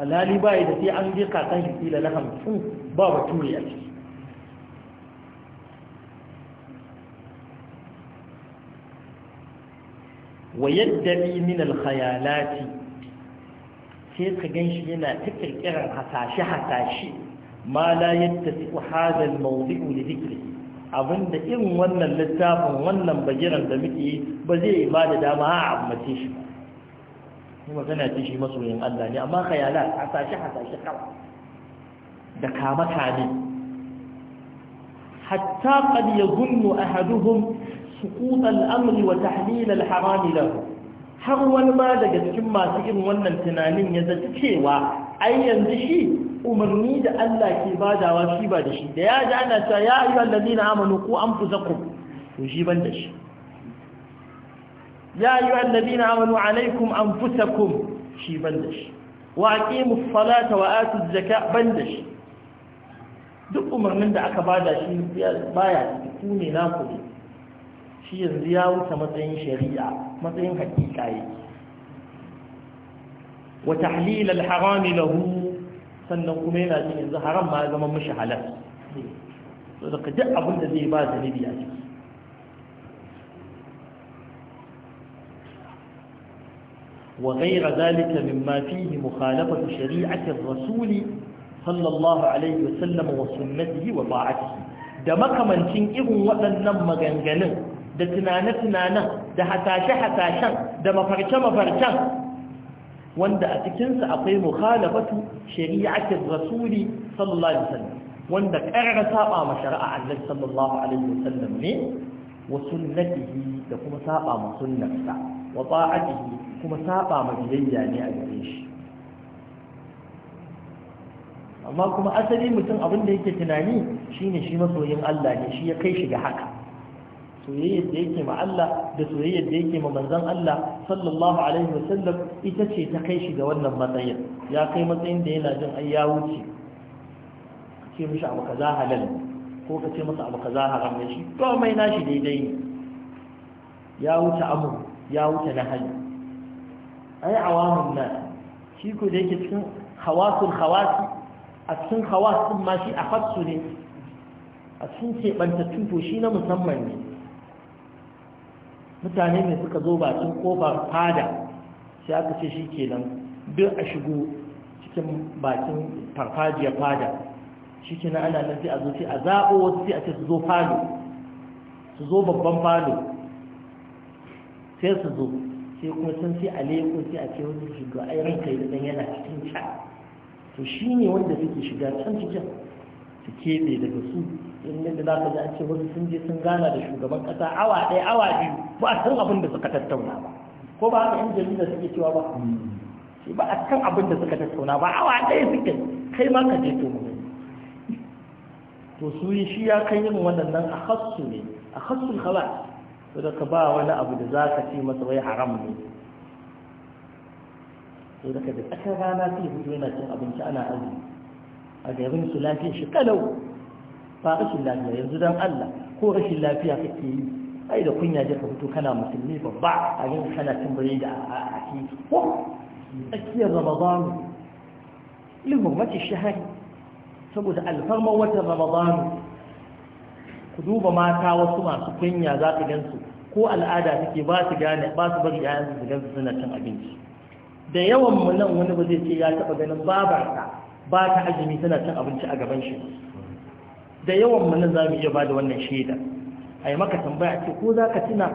alhali ba da sai an je kakan shi kila na hamsin ba bature a ciki wa yadda min alkhayalati sai ka gan shi yana ta kirkirar hasashe-hasashe ma la yadda su hadal mawuzi'u da zikiri abinda irin wannan littafin wannan bagiran da muke ba zai ba da dama a abu mace shi ba magana ce shi masoyin Allah ne amma khayala hasashe hasashe kawa da kama kame hatta qad yadhunnu ahaduhum suqut al-amri wa tahlil al-haram lahu har wani ma daga cikin masu irin wannan tunanin ya zaci cewa ai yanzu shi umarni da Allah ke badawa shi ba da shi da ya ji ana cewa ya ayyuhal ladina amanu qu anfusakum to shi ban da shi ya yi wa annabina amanu alaikum kum shi ban da shi wa aqimu salata wa atu zakka ban da shi duk umarnin da aka bada shi baya su ne na shi yanzu ya wuce matsayin shari'a matsayin hakika yake wa tahlil al lahu sannan kuma yana jin yanzu haram ma ya zama mishi halal to da duk abin da zai ba zanibi a ciki وغير ذلك مما فيه مخالفة شريعة الرسول صلى الله عليه وسلم وسنته وطاعته da makamancin irin waɗannan maganganun da tunane-tunanen da hatashe-hatashen da mafarce-mafarcen wanda a cikinsa akwai mukhalafatu shari'atin rasuli sallallahu alaihi wasallam wanda ƙarar saba ma shari'a annabi sallallahu alaihi wasallam ne wa sunnatihi da kuma saba ma sunnarsa wa ta'atihi kuma saba ma biyayya ne a gare shi amma kuma asali mutum abin da yake tunani shine shi masoyin Allah ne shi ya kai shi ga haka soyayyar da yake ma Allah da soyayyar da yake ma manzon Allah sallallahu alaihi wasallam ita ce ta kai shi ga wannan matsayin ya kai matsayin da yana jin ai ya wuce ce mishi abu kaza halal ko ka ce masa abu ka haram ne shi komai nashi daidai ne ya wuce amur ya wuce na hali ai awamun na shi ko da yake cikin hawasul hawasi a cikin hawasun ma shi a fatsu ne a cikin keɓantattun to shi na musamman ne mutane ne suka zo bakin kofar fada sai aka ce shi kenan duk a shigo cikin bakin farfajiyar fada shi ke ana nan sai a zo sai a zaɓo wasu sai a ce su zo falo su zo babban falo sai su zo sai kuma sun sai a leko sai a ce wani shiga ai ranka yi dan yana cikin can to shi ne wanda suke shiga can cikin su keɓe daga su in yadda za ka ji an ce wasu sun je sun gana da shugaban ƙasa awa ɗaya awa biyu ba a san abin da suka tattauna ba ko ba haka 'yan jarida suke cewa ba hmm. ba a san abin da suka tattauna ba awa ɗaya suke kai ma ka je to mu to su yi shi ya kan yin waɗannan a hassu ne a hassun halas to da ka ba wani abu da za ka ce masa wai haram ne to da ka da tsakar rana sai hudu yana cin abinci ana azumi a garin su lafiya shi kalau ba rashin lafiya yanzu don Allah ko rashin lafiya kake yi ai da kunya je ka fito kana musulmi babba a yanzu kana cin biredi a ko tsakiyar ramadan lihurmati shahari saboda alfarmar watan ramadan ku duba mata wasu masu kunya za ka gansu ko al'ada take ba su gane ba su bari yayan su gansu suna cin abinci da yawan mu nan wani ba zai ce ya taba ganin babarsa ba ta azumi tana cin abinci a gaban shi da yawan mu nan za mu iya ba da wannan shaida a yi maka tambaya ce ko za ka tuna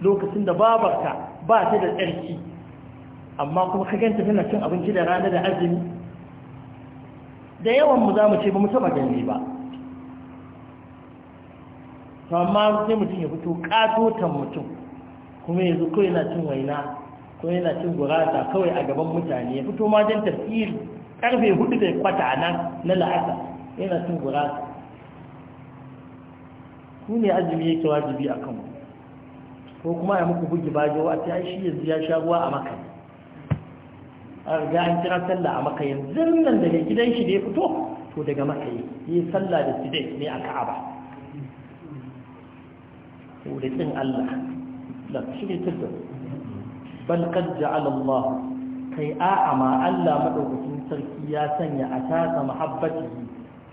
lokacin da babarka ba ta da tsarki amma kuma ka ganta tana cin abinci da rana da azumi da yawan mu za mu ce ba mu saba gani ba to amma sai mutum ya fito katotan mutum kuma ya zo kawai yana cin waina ko yana cin gurata kawai a gaban mutane ya fito ma jan tafsiri karfe hudu da kwata nan na la'asa yana cin gurata ku ne azumi yake wajibi a kanku ko kuma ya muku bugi bajo a ta shi yanzu ya sha ruwa a makani an riga an kira sallah a maka yanzu nan daga gidan shi da ya fito to daga maka yi yi sallah da su ne a ka'aba to da kin Allah la shi ne tudda bal qad ja'ala Allah kai a'a ma Allah madaukakin sarki ya sanya a tasa mahabbati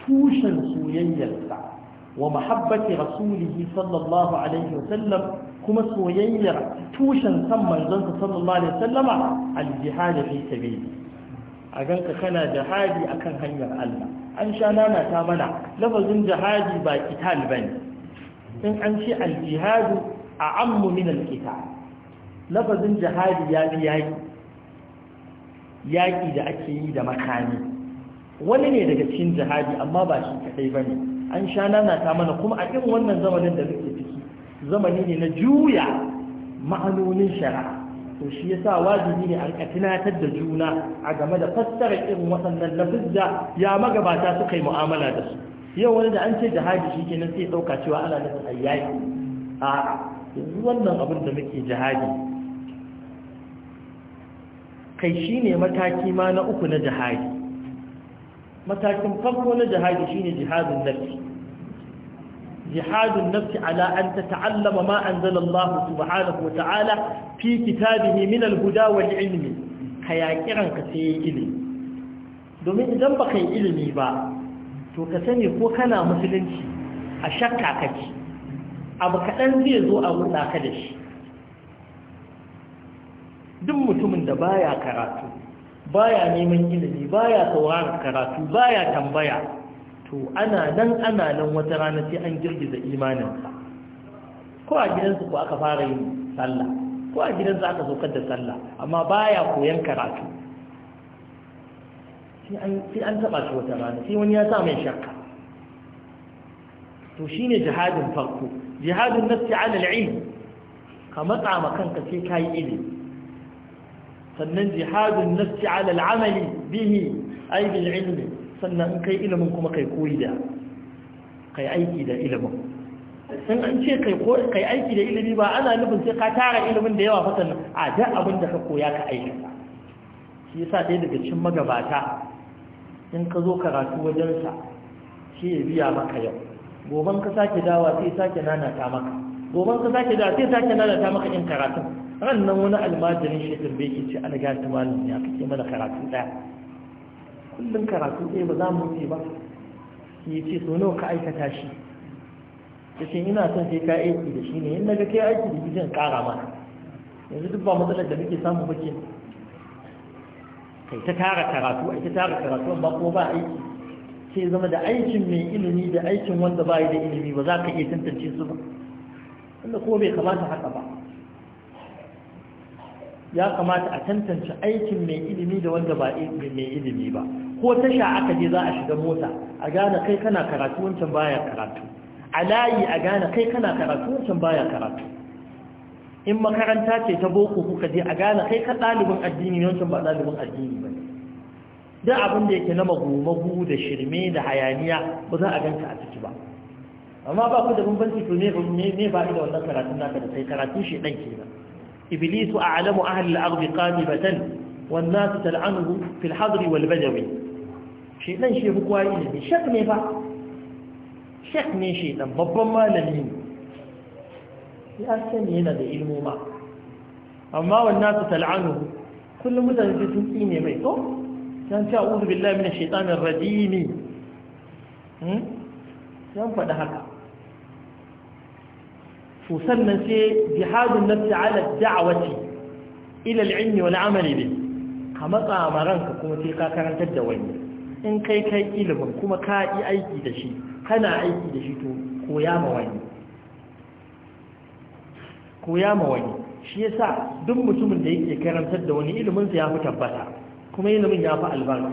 tushen soyayyarsa wa mahabbati rasulihi sallallahu alaihi kuma soyayyar tushen san manzansa sallallahu alaihi wasallama al fi sabili a ganka kana jihadi akan hanyar Allah an sha nana ta mana lafazin jihadi ba kital bane in an ce aljihadu a a'ammu min al lafazin jihadi ya bi yaki yaki da ake yi da makami wani ne daga cikin jihadi amma ba shi kadai bane an sha nana ta mana kuma a irin wannan zamanin da muke zamani ne na juya ma'anonin shari'a to shi yasa wajibi ne a rika tunatar da juna a game da fassara irin waɗannan lafizza ya magabata suka yi mu'amala da su yau wani da an ce jihadi shi kenan sai ɗauka cewa ana nufin ayyaki a yanzu wannan abin da muke jihadi kai shi ne mataki ma na uku na jihadi matakin farko na jihadi shine jihadin nafsi جهاد النفس على أن تتعلم ما أنزل الله سبحانه وتعالى في كتابه من الهدى والعلم كياكرا كسي إلي دومين إذن بقي إلمي با to ka sani ko kana musulunci a shakka kake abu kaɗan zai zo a hulɗa ka da shi duk mutumin da baya karatu baya neman ilimi baya sauraron karatu baya tambaya to ana nan ana nan wata rana sai an girgiza imaninsa ko a gidansu ko aka fara yin sallah ko a gidansu aka saukar da sallah amma baya koyan karatu sai an taba shi wata rana sai wani ya sa mai shakka to shine jihadin farko jihadin nafsi ala al ka matsa ma kanka sai yi ilimi sannan jihadin nafsi alal amali bihi aibin ilmi sannan in kai ilimin kuma kai koyi da kai aiki da ilimin in an ce kai aiki da ilimi ba ana nufin sai ka tara ilimin da yawa fasannan a da abin da ka koya ka aikata shi yasa ɗaya daga cikin magabata in ka zo karatu wajensa shi ya biya maka yau goban ka sake dawa sai sake nanata maka goban ka sake dawa sai sake nanata maka in karatun Rannan wani almajirin shi tambaye ke ce an gata malam ya kake mana karatu ɗaya kullum karatu ɗaya ba za mu ce ba ya ce so nawa ka aikata shi ya ce ina son sai ka aiki da shi ne in na kai aiki da shi zan ƙara ma yanzu duk ba matsalar da muke samu ba ke kai ta tara karatu ai ta tara karatu amma kuma ba aiki sai zama da aikin mai ilimi da aikin wanda ba yi da ilimi ba za ka iya tantance su ba wanda ko bai kamata haka ba ya kamata a tantance aikin mai ilimi da wanda ba mai ilimi ba ko tasha aka je za a shiga mota a gane kai kana karatu wancan baya karatu a layi a gane kai kana karatu wancan baya karatu in makaranta ce ta boko kuka je a gane kai ka ɗalibin addini wancan ba ɗalibin addini ba da abin da yake na magumagu da shirme da hayaniya ba za a ganka a ciki ba amma ba ku da bambanci to ne ba ida wannan karatun naka da kai? karatun shi ɗan kenan إبليس أعلم أهل الأرض قادمة والناس تلعنه في الحضر والبدوي شيء لن شيء هو كوائي شك نفع شك نشيء ببما لنين في أحسن هنا ذي علمه ما أما والناس تلعنه كل مدرسة تنسيني ميتو كان كانت أعوذ بالله من الشيطان الرجيم ينفع ده to sannan sai jihadun ta ala da'awati ila al-ilmi wal amali bi ka matsa ma ranka kuma sai ka karantar da wani in kai kai ilimin kuma ka yi aiki da shi kana aiki da shi to koya ma wani koya ma wani shi yasa duk mutumin da yake karantar da wani ilimin sa ya fi tabbata kuma ilimin ya fi albarka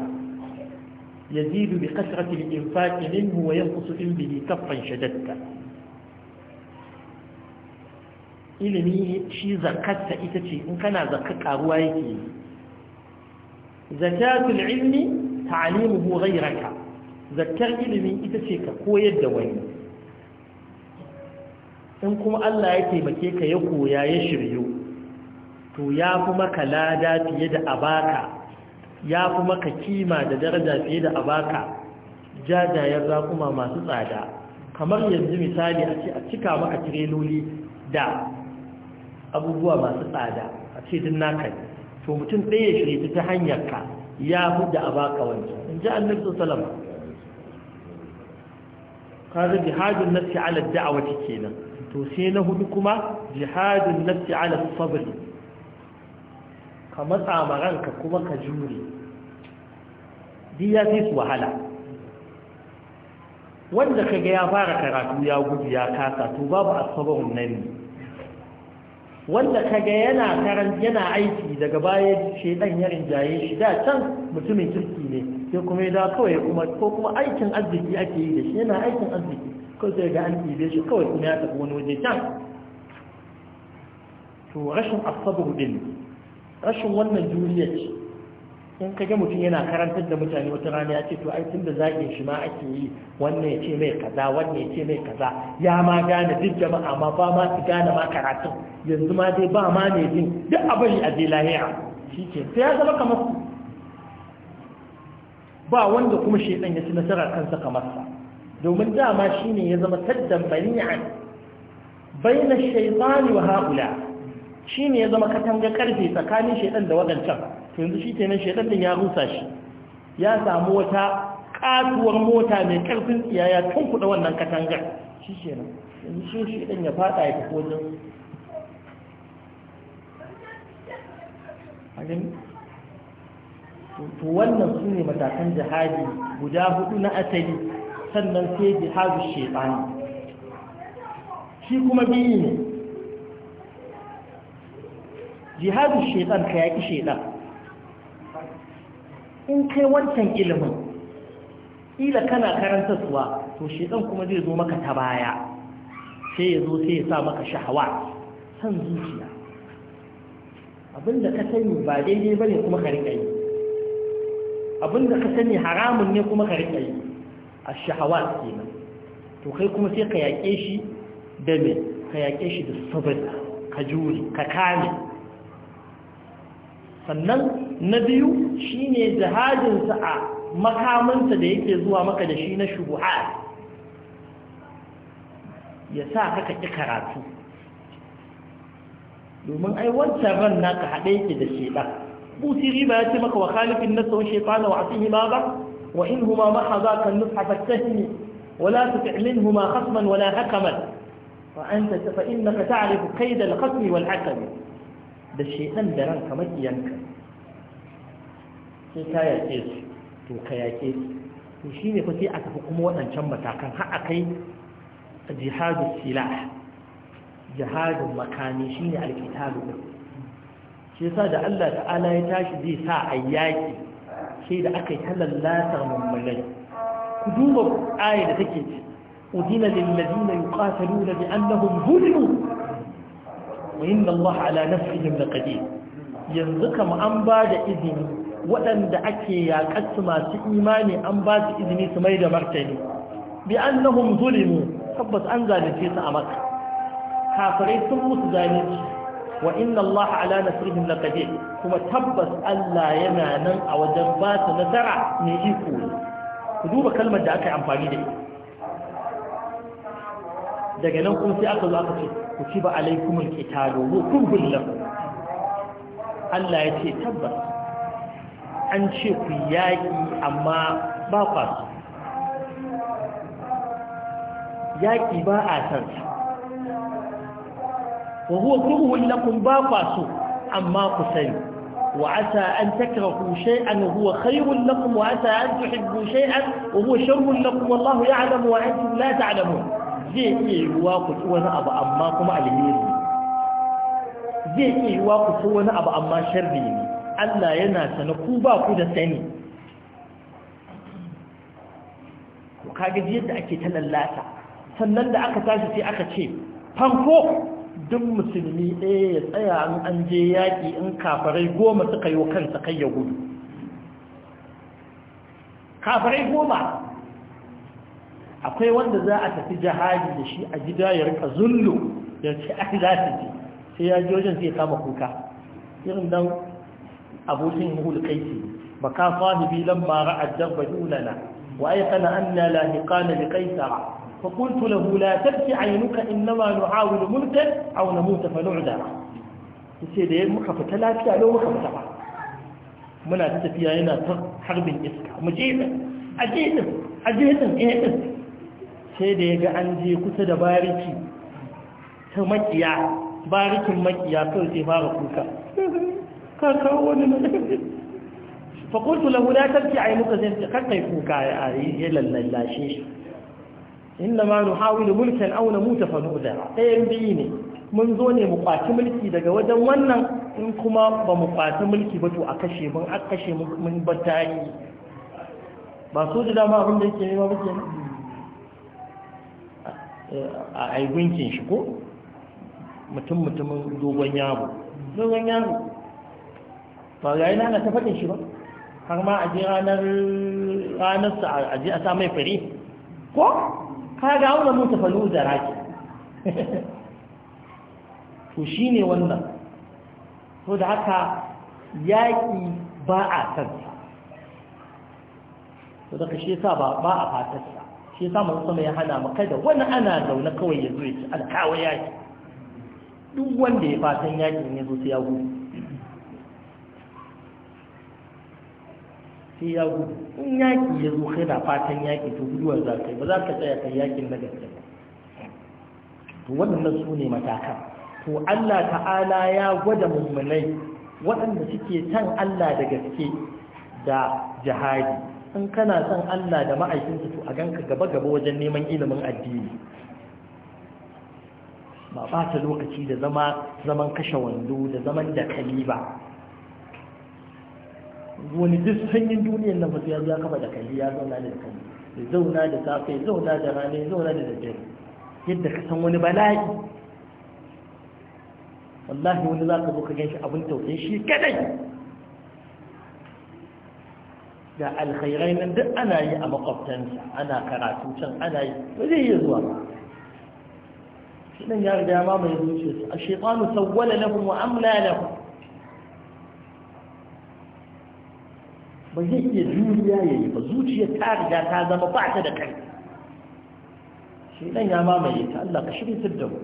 yazidu bi kasratil al-infaqi minhu wa yanqusu in bihi kaffan shadatta ilimi shi zakatta ita ce in kana zakka karuwa yake zakatul ilmi ta'limuhu ghayraka zakkar ilimi ita ce ka koyar da wani in kuma Allah ya taimake ka ya koya ya shiryo to ya fi maka lada fiye da abaka ya fi maka kima da daraja fiye da abaka jajayen rakuma masu tsada kamar yanzu misali a ce a cika maka tireloli da abubuwa masu tsada a ce din naka to mutum ɗaya ya shirye ta hanyar ka ya fi da a baka wancan in ji annabi sallallahu alaihi kaza jihadun nafsi ala da'awati kenan to sai na hudu kuma jihadun nafsi ala sabr ka matsa maranka kuma ka jure di ya fi su wahala wanda kaga ya fara karatu ya gudu ya kasa to babu asabarun nan ne wanda kaga yana karan yana aiki daga baya dan ya rinjaye shi da can mutumin kirki ne sai kuma ya da kawai kuma ko kuma aikin arziki ake yi da shi yana aikin arziki ko sai ga an tibe shi kawai kuma ya tafi wani waje can to rashin asabu din rashin wannan juriya ce in ka ga mutum yana karantar da mutane wata rana ya ce to ai tun da zagin shi ma ake yi wannan ya ce mai kaza wannan ya ce mai kaza ya ma gane duk jama'a ma ba ma su gane ma karatun yanzu ma dai ba ma ne jin duk abin a je lahiya shi ke sai ya zama kamar su ba wanda kuma shi ya ci nasara kansa kamar sa domin dama ne ya zama saddan bani'an bayna shaytani wa shi ne ya zama katanga karfe tsakanin shaidan da wadancan yanzu shi kenan shaitan din ya rusa shi ya samu wata katuwar mota mai karfin iyaya tun kuɗa wannan katangar shi kenan yanzu shi shaitan ya fada ya tafi wajen hajjin to wannan su ne matakan jihadi guda hudu na asali sannan sai jihadu shaitani shi kuma biyu ne jihadu shaitan ka yaƙi shaitan in kai wancan ilimin ila kana karanta suwa to ɗan kuma zai zo maka ta baya sai ya zo sai ya sa maka shahawa san zuciya abinda ka sani ba daidai bane kuma ka riƙa yi abinda ka sani haramun ne kuma ka riƙa yi ash-shahawat kenan to kai kuma sai ka yaƙe shi da me ka yake shi da sabr ka juri ka kame sannan na biyu shine jihadinsa a makamanta da yake zuwa maka da shi na shubuha ya sa haka ƙi karatu domin ai ran naka haɗe yake da sheɗa busiri ba ya ce maka wa khalifin na sau sheɗana wa asihi ma ba wa in huma maha za ka nufa fattahini wala su fi'lin huma khasman wala hakaman fa in fa innaka ta'rifu kaidal khasmi wal hakami da shekan da ranka makiyanka sai ka yaƙe su to ka yaƙe su to shi ne sai aka fi kuma waɗancan matakan har a kai jihadun silah jihadun makami shi ne alkitabu ɗin shi sa da Allah ta'ala ya tashi zai sa a yaƙi sai da aka yi ta lallatar ku duba ayar da take ce udina lillazina yuqataluna bi annahum zulimu wa Allah ala nafsihim laqadir yanzu kama an ba da izini waɗanda ake yaƙatsu masu imani an ba su izini su mai da martani bi annahum zulimu tabbas an zalunce su a maka kafirai sun musu zalunci wa inna Allah ala nasrihim laqadir kuma tabbas Allah yana nan a wajen ba su nasara ne iko ku duba kalmar da aka yi amfani da ita daga nan kuma sai aka zo aka ce ku ci ba alaikumul qitalu ku kullun lakum Allah ya ce tabbas an ce ku yaki amma ba kwa yaki ba a san wa huwa kullun lakum ba kwa su amma ku sani shay'an huwa khayrun lakum wa asa an tuhibbu shay'an تحبوا شيئا وهو شر لكم والله يعلم وأنتم لا تعلمون zai iya yiwuwa ku ci wani abu amma kuma alheri zai iya yiwuwa ku ci wani abu amma sharri ne Allah yana sana ku ba ku da sani ku kaga yadda ake ta lallata sannan da aka tashi sai aka ce fanko duk musulmi ɗaya ya tsaya an an je yaƙi in kafarai goma suka yi kansa kai ya gudu kafarai goma akwai wanda za a tafi jihadi da shi a gida ya rika zullu ya ce a za su ce sai ya ji wajen zai kama kuka irin dan abokin hulƙaiti ba ka sahibi lamma ra'ad dabba dunana wa kana an na aikana anna la niqala li qaisara فقلت له لا تبكي عينك إنما نعاول ملكا أو نموت فنعذر sai da ya muka fita lafiya lau muka fita ba muna ta tafiya yana ta harbin iska mu je din a je din a je din eh din sai da ya ga an je kusa da bariki ta makiya barikin makiya kawai sai fara kuka kaka wani na fakultu na da tarki a yi muka zai ta kakai kuka a yi lallashe shi inda ma nu da mulkin auna mutu fa nuda ɗayan biyu ne mun zo ne mu kwaci mulki daga wajen wannan in kuma ba mu kwaci mulki ba to a kashe mun a kashe mun ba tarihi ba su da dama abin da yake nema muke a aigunkin shi ko mutum mutumin dogon yaro dogon yaro ba ga yana na ta faɗin shi ba har ma a je ranar ranarsa a je a sa fari ko ka ga auna mun tafalu da raki to shi ne wannan to da haka yaƙi ba a kansa to da ka shi sa ba a fatarsa shi samun mun sama ya hana maka da wani ana zaune kawai ya zo ya ci alkawa yaki duk wanda ya fatan yakin ya zo sai ya gudu sai ya gudu in yaki ya zo kai na fatan yaki to guduwar za ka yi ba za ka tsaya kai yakin na gaske ba to waɗannan su ne matakan to Allah ta'ala ya gwada mummunai waɗanda suke san Allah da gaske da jihadi in kana son Allah da ma'aikinsa to a ganka gaba-gaba wajen neman ilimin addini ba ba ta lokaci da zama zaman kashe wando da zaman da kali ba wani duk hanyar duniyar nan ba ya kafa da kali ya zauna da kali ya zauna da safe zauna da rana zauna da daddare yadda ka san wani bala'i wallahi wani za ka zo ka gan shi abin tausayi shi kadai da alkhairai nan duk ana yi a makwabtansa ana karatu can ana yi ba zai iya zuwa ba shi nan ya riga ma mai zuciya su a shekaru sawwala lahum wa amla lahum ba zai iya juriya ya yi ba zuciya ta riga ta zama ba ta da kai shi nan ya mamaye ta Allah ka shirya da mu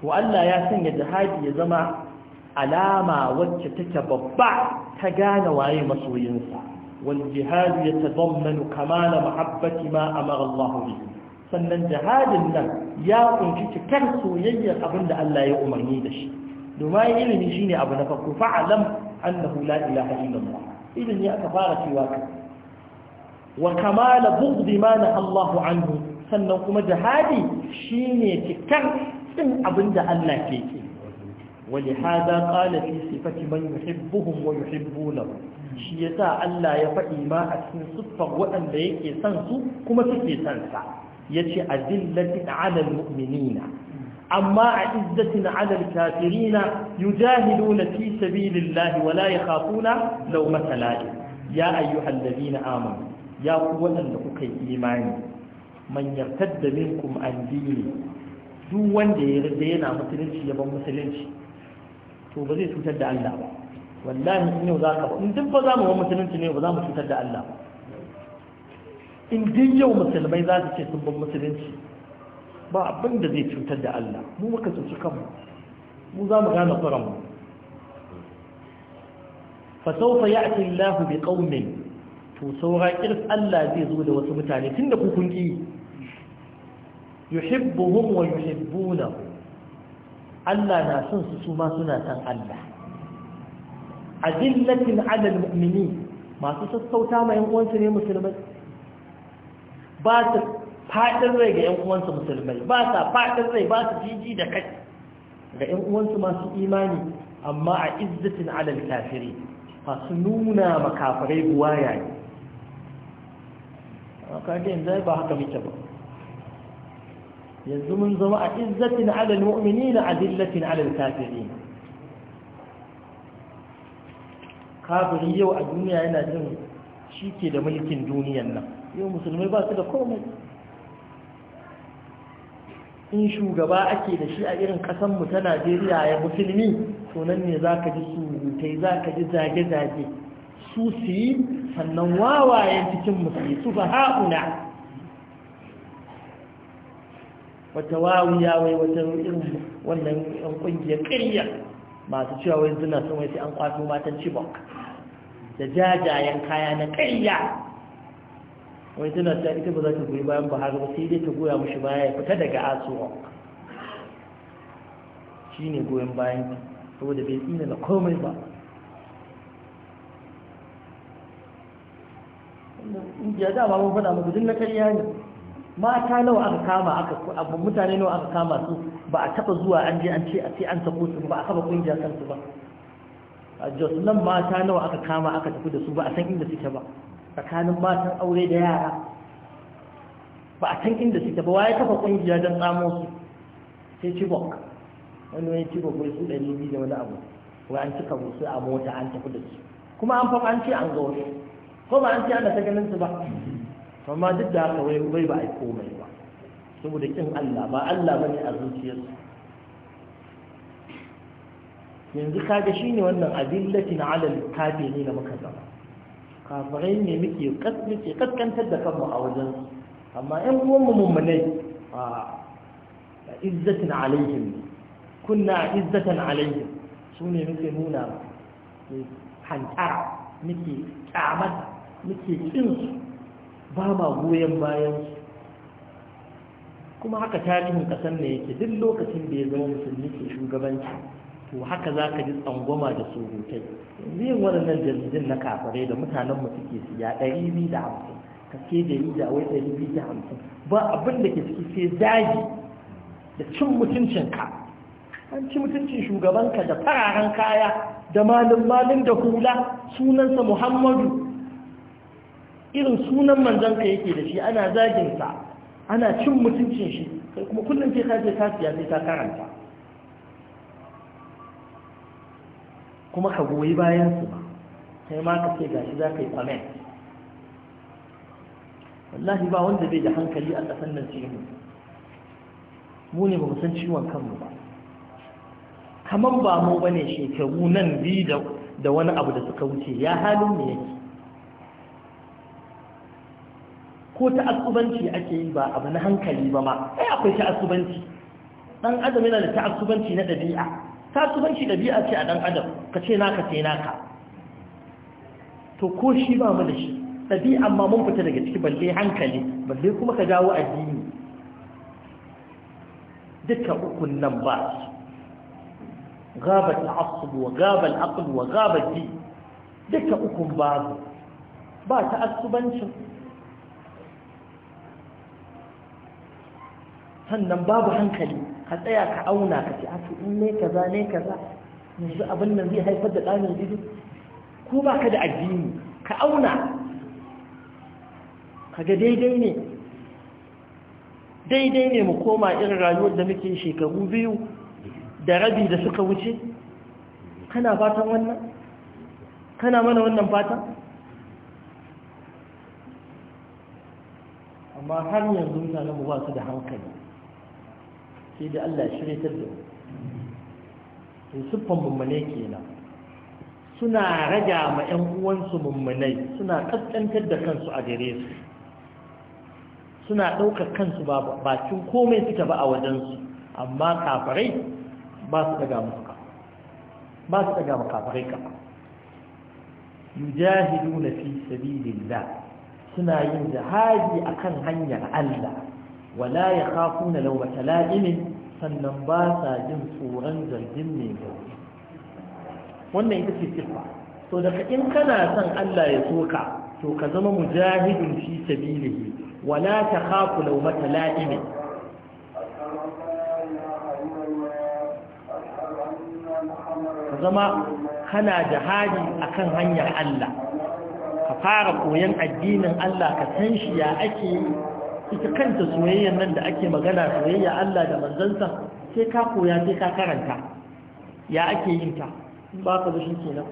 to Allah ya sanya jihadi ya zama alama wacce take babba ta gane waye masoyinsa wal jihad ya kamal mahabbati ma amara Allah sannan jihadin nan ya ƙunshi cikar soyayyar abinda Allah ya umarni da shi domin ilimi shine abu na farko fa'alam annahu la ilaha illallah ilimi aka fara cewa wa kamala bughd ma na Allah anhu sannan kuma jihadi shine cikar abin abinda Allah ke ke ولهذا قال في صفة من يحبهم ويحبونه shi yasa Allah ya faɗi ma a cikin siffar waɗanda yake son su kuma suke son sa a adillatin 'ala alal muminina amma a izzatin 'ala al-kafirina yujahiduna fi sabilillahi wala la yakhafuna lawmata la'im ya ayyuhalladhina amanu ya ku waɗanda kuka yi imani man yartadda minkum an dini duk wanda ya yarda yana musulunci ya bar musulunci to ba zai cutar da Allah ba wallahi in yau za ka in duk ba za mu wa musulunci ne ba za mu cutar da Allah ba in duk yau musulmai za su ce sun ban musulunci ba abin da zai cutar da Allah mu muka cuci kanmu mu za mu gane tsaronmu fasaufa ya ake lahu bi ƙaunin to saura ƙirs Allah zai zo da wasu mutane tun da kukunki yuhibbuhum wa yuhibbunahu Allah na son su su ma suna san Allah azillatin alal mu'mini masu sassauta ma yan uwansu ne musulmai ba su fadin rai ga yan uwansu musulmai ba sa fadin rai ba su jiji da kai ga yan uwansu masu imani amma a izzatin alal kafiri masu nuna makafirai buwaya ne a kaji yanzu ba haka muke ba yanzu mun zama a izzatin alal mu'mini na adillatin alal kafiri kafiri yau a duniya yana jin shi ke da mulkin duniyan nan yau musulmai ba su da komai in shugaba ake da shi a irin mu ta najeriya ya musulmi to ne za ka ji surutai za ka ji zage-zage su su yi sannan wawayen cikin musulmi su ba ha'una wata wawiya wai wata irin wannan yan kungiyar ƙirya masu cewa wai suna son wai sai an kwato matan chibok da jajayen kaya na ƙirya wai suna cewa ita ba za ta goyi bayan buhari ba sai dai ta goya mushi baya ya fita daga asuwa shi ne goyon bayan saboda bai tsina da komai ba indiya dama mun faɗa mu duk na ƙarya ne mata nawa aka kama aka abu mutane nawa aka kama su ba a taba zuwa an je an ce a ce an sako su ba a kafa kungiya kan su ba a jos nan mata nawa aka kama aka tafi da su ba a san inda suke ba tsakanin matan aure da yara ba a san inda suke ba waye kafa kungiya don tsamo su sai chibok wani wani chibok wai su ɗari biyu da wani abu wai an cika musu a mota an tafi da su kuma an fa an ce an ga wani ko ba an ce ana ta ganin su ba amma duk da haka wai bai ba a yi komai ba saboda kin Allah ba Allah ne a zuciyarsu yanzu kaga shine wannan adillatin alal ne da muka zama kafirai ne muke muke kaskantar da kanmu a wajen amma ƴan uwan mu mummunai a izzatin alaihim kunna izzatan alaihim sune muke nuna hankara muke kyamata muke kin ba ma goyon su? kuma haka tarihin kasan ne yake duk lokacin da ya zama musulmi ke shugabanci to haka za ka ji tsangwama da surutai yanzu yin waɗannan jaridun na kafare da mutanen mu suke siya ɗari biyu da hamsin ka ce jarida wai ɗari biyu da hamsin ba abin da ke ciki sai daji da cin mutuncinka an ci mutuncin shugabanka da fararen kaya da malin malin da hula sunansa muhammadu irin sunan manzan ka yake da shi ana zagin sa ana cin mutuncin shi kai kuma kullum sai ka je ka siya sai ka karanta kuma ka goyi bayan su ba sai ma ka ce gashi za ka yi comment wallahi ba wanda bai da hankali a ƙasar nan sai mu mu ne ba mu san ciwon kanmu ba kamar ba mu bane shekaru nan biyu da wani abu da suka wuce ya halin mu yake ko ta asubanci ake yi ba abu na hankali ba ma ai akwai ta asubanci dan adam yana da ta asubanci na dabi'a ta asubanci dabi'a ce a dan adam ka ce naka sai naka to ko shi ba mu da shi dabi'a ma mun fita daga ciki balle hankali balle kuma ka dawo addini Dukkan ukun nan ba غاب العصب وغاب العقل وغاب الدين duka ukun babu ba ta asubancin sannan babu hankali ka tsaya ka auna ka ce a su in ne kaza ne kaza yanzu abin nan zai haifar da ɗanin jiri ko ba ka da addini ka auna ka ga daidai ne daidai ne mu koma irin rayuwar da muke shekaru biyu da rabi da suka wuce kana fatan wannan kana mana wannan fatan amma har yanzu mutanen mu ba su da hankali sai da Allah ya shirya da mu siffan mummune kenan suna raja ma ƴan uwansu mummunai suna ƙasƙantar da kansu a gare su suna ɗaukar kansu ba bakin komai suka ba a wajensu amma kafarai ba su daga musu ba su daga makafarai ka fi suna yin jihadi akan hanyar Allah wala yakhafuna lawmata la'imin sannan ba sa jin tsoron zargin mai gauri wannan ita ce sifa to daga in kana son Allah ya soka to ka zama mujahidin fi sabilihi wala takhafu mata la'im ka zama kana jihadi akan hanyar Allah ka fara koyon addinin Allah ka san shi ya ake ita kanta soyayyar nan da ake magana soyayya Allah da manzansa sai ka koya sai ka karanta ya ake yin ta in ba ka bashin kenan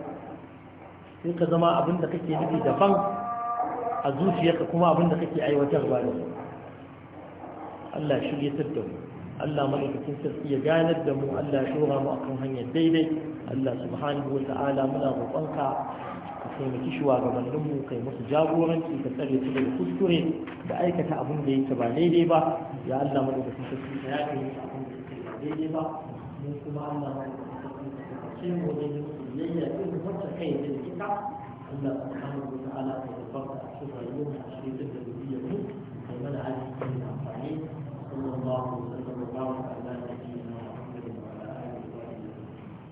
sai ka zama abin da kake nufi daban a zuciyarka kuma abin da kake aiwatarwa ne Allah shirye da mu Allah malakacin sarki ya ganar da mu Allah ya shora mu akan hanyar daidai Allah subhanahu wa ta'ala muna roƙonka ka taimaki shugabanninmu kai musu jagoranci ka tsare su daga kuskure da aikata abin da yake ba daidai ba ya Allah mu da kusa su ya kai musu abin da yake ba daidai ba mu kuma Allah mu da kusa su ka ce mu da yin biyayya din wacce kai da kita Allah subhanahu wa ta'ala ka tabbata a cikin rayuwar mu a cikin da biyayya mu kai mana hali da amfani sallallahu alaihi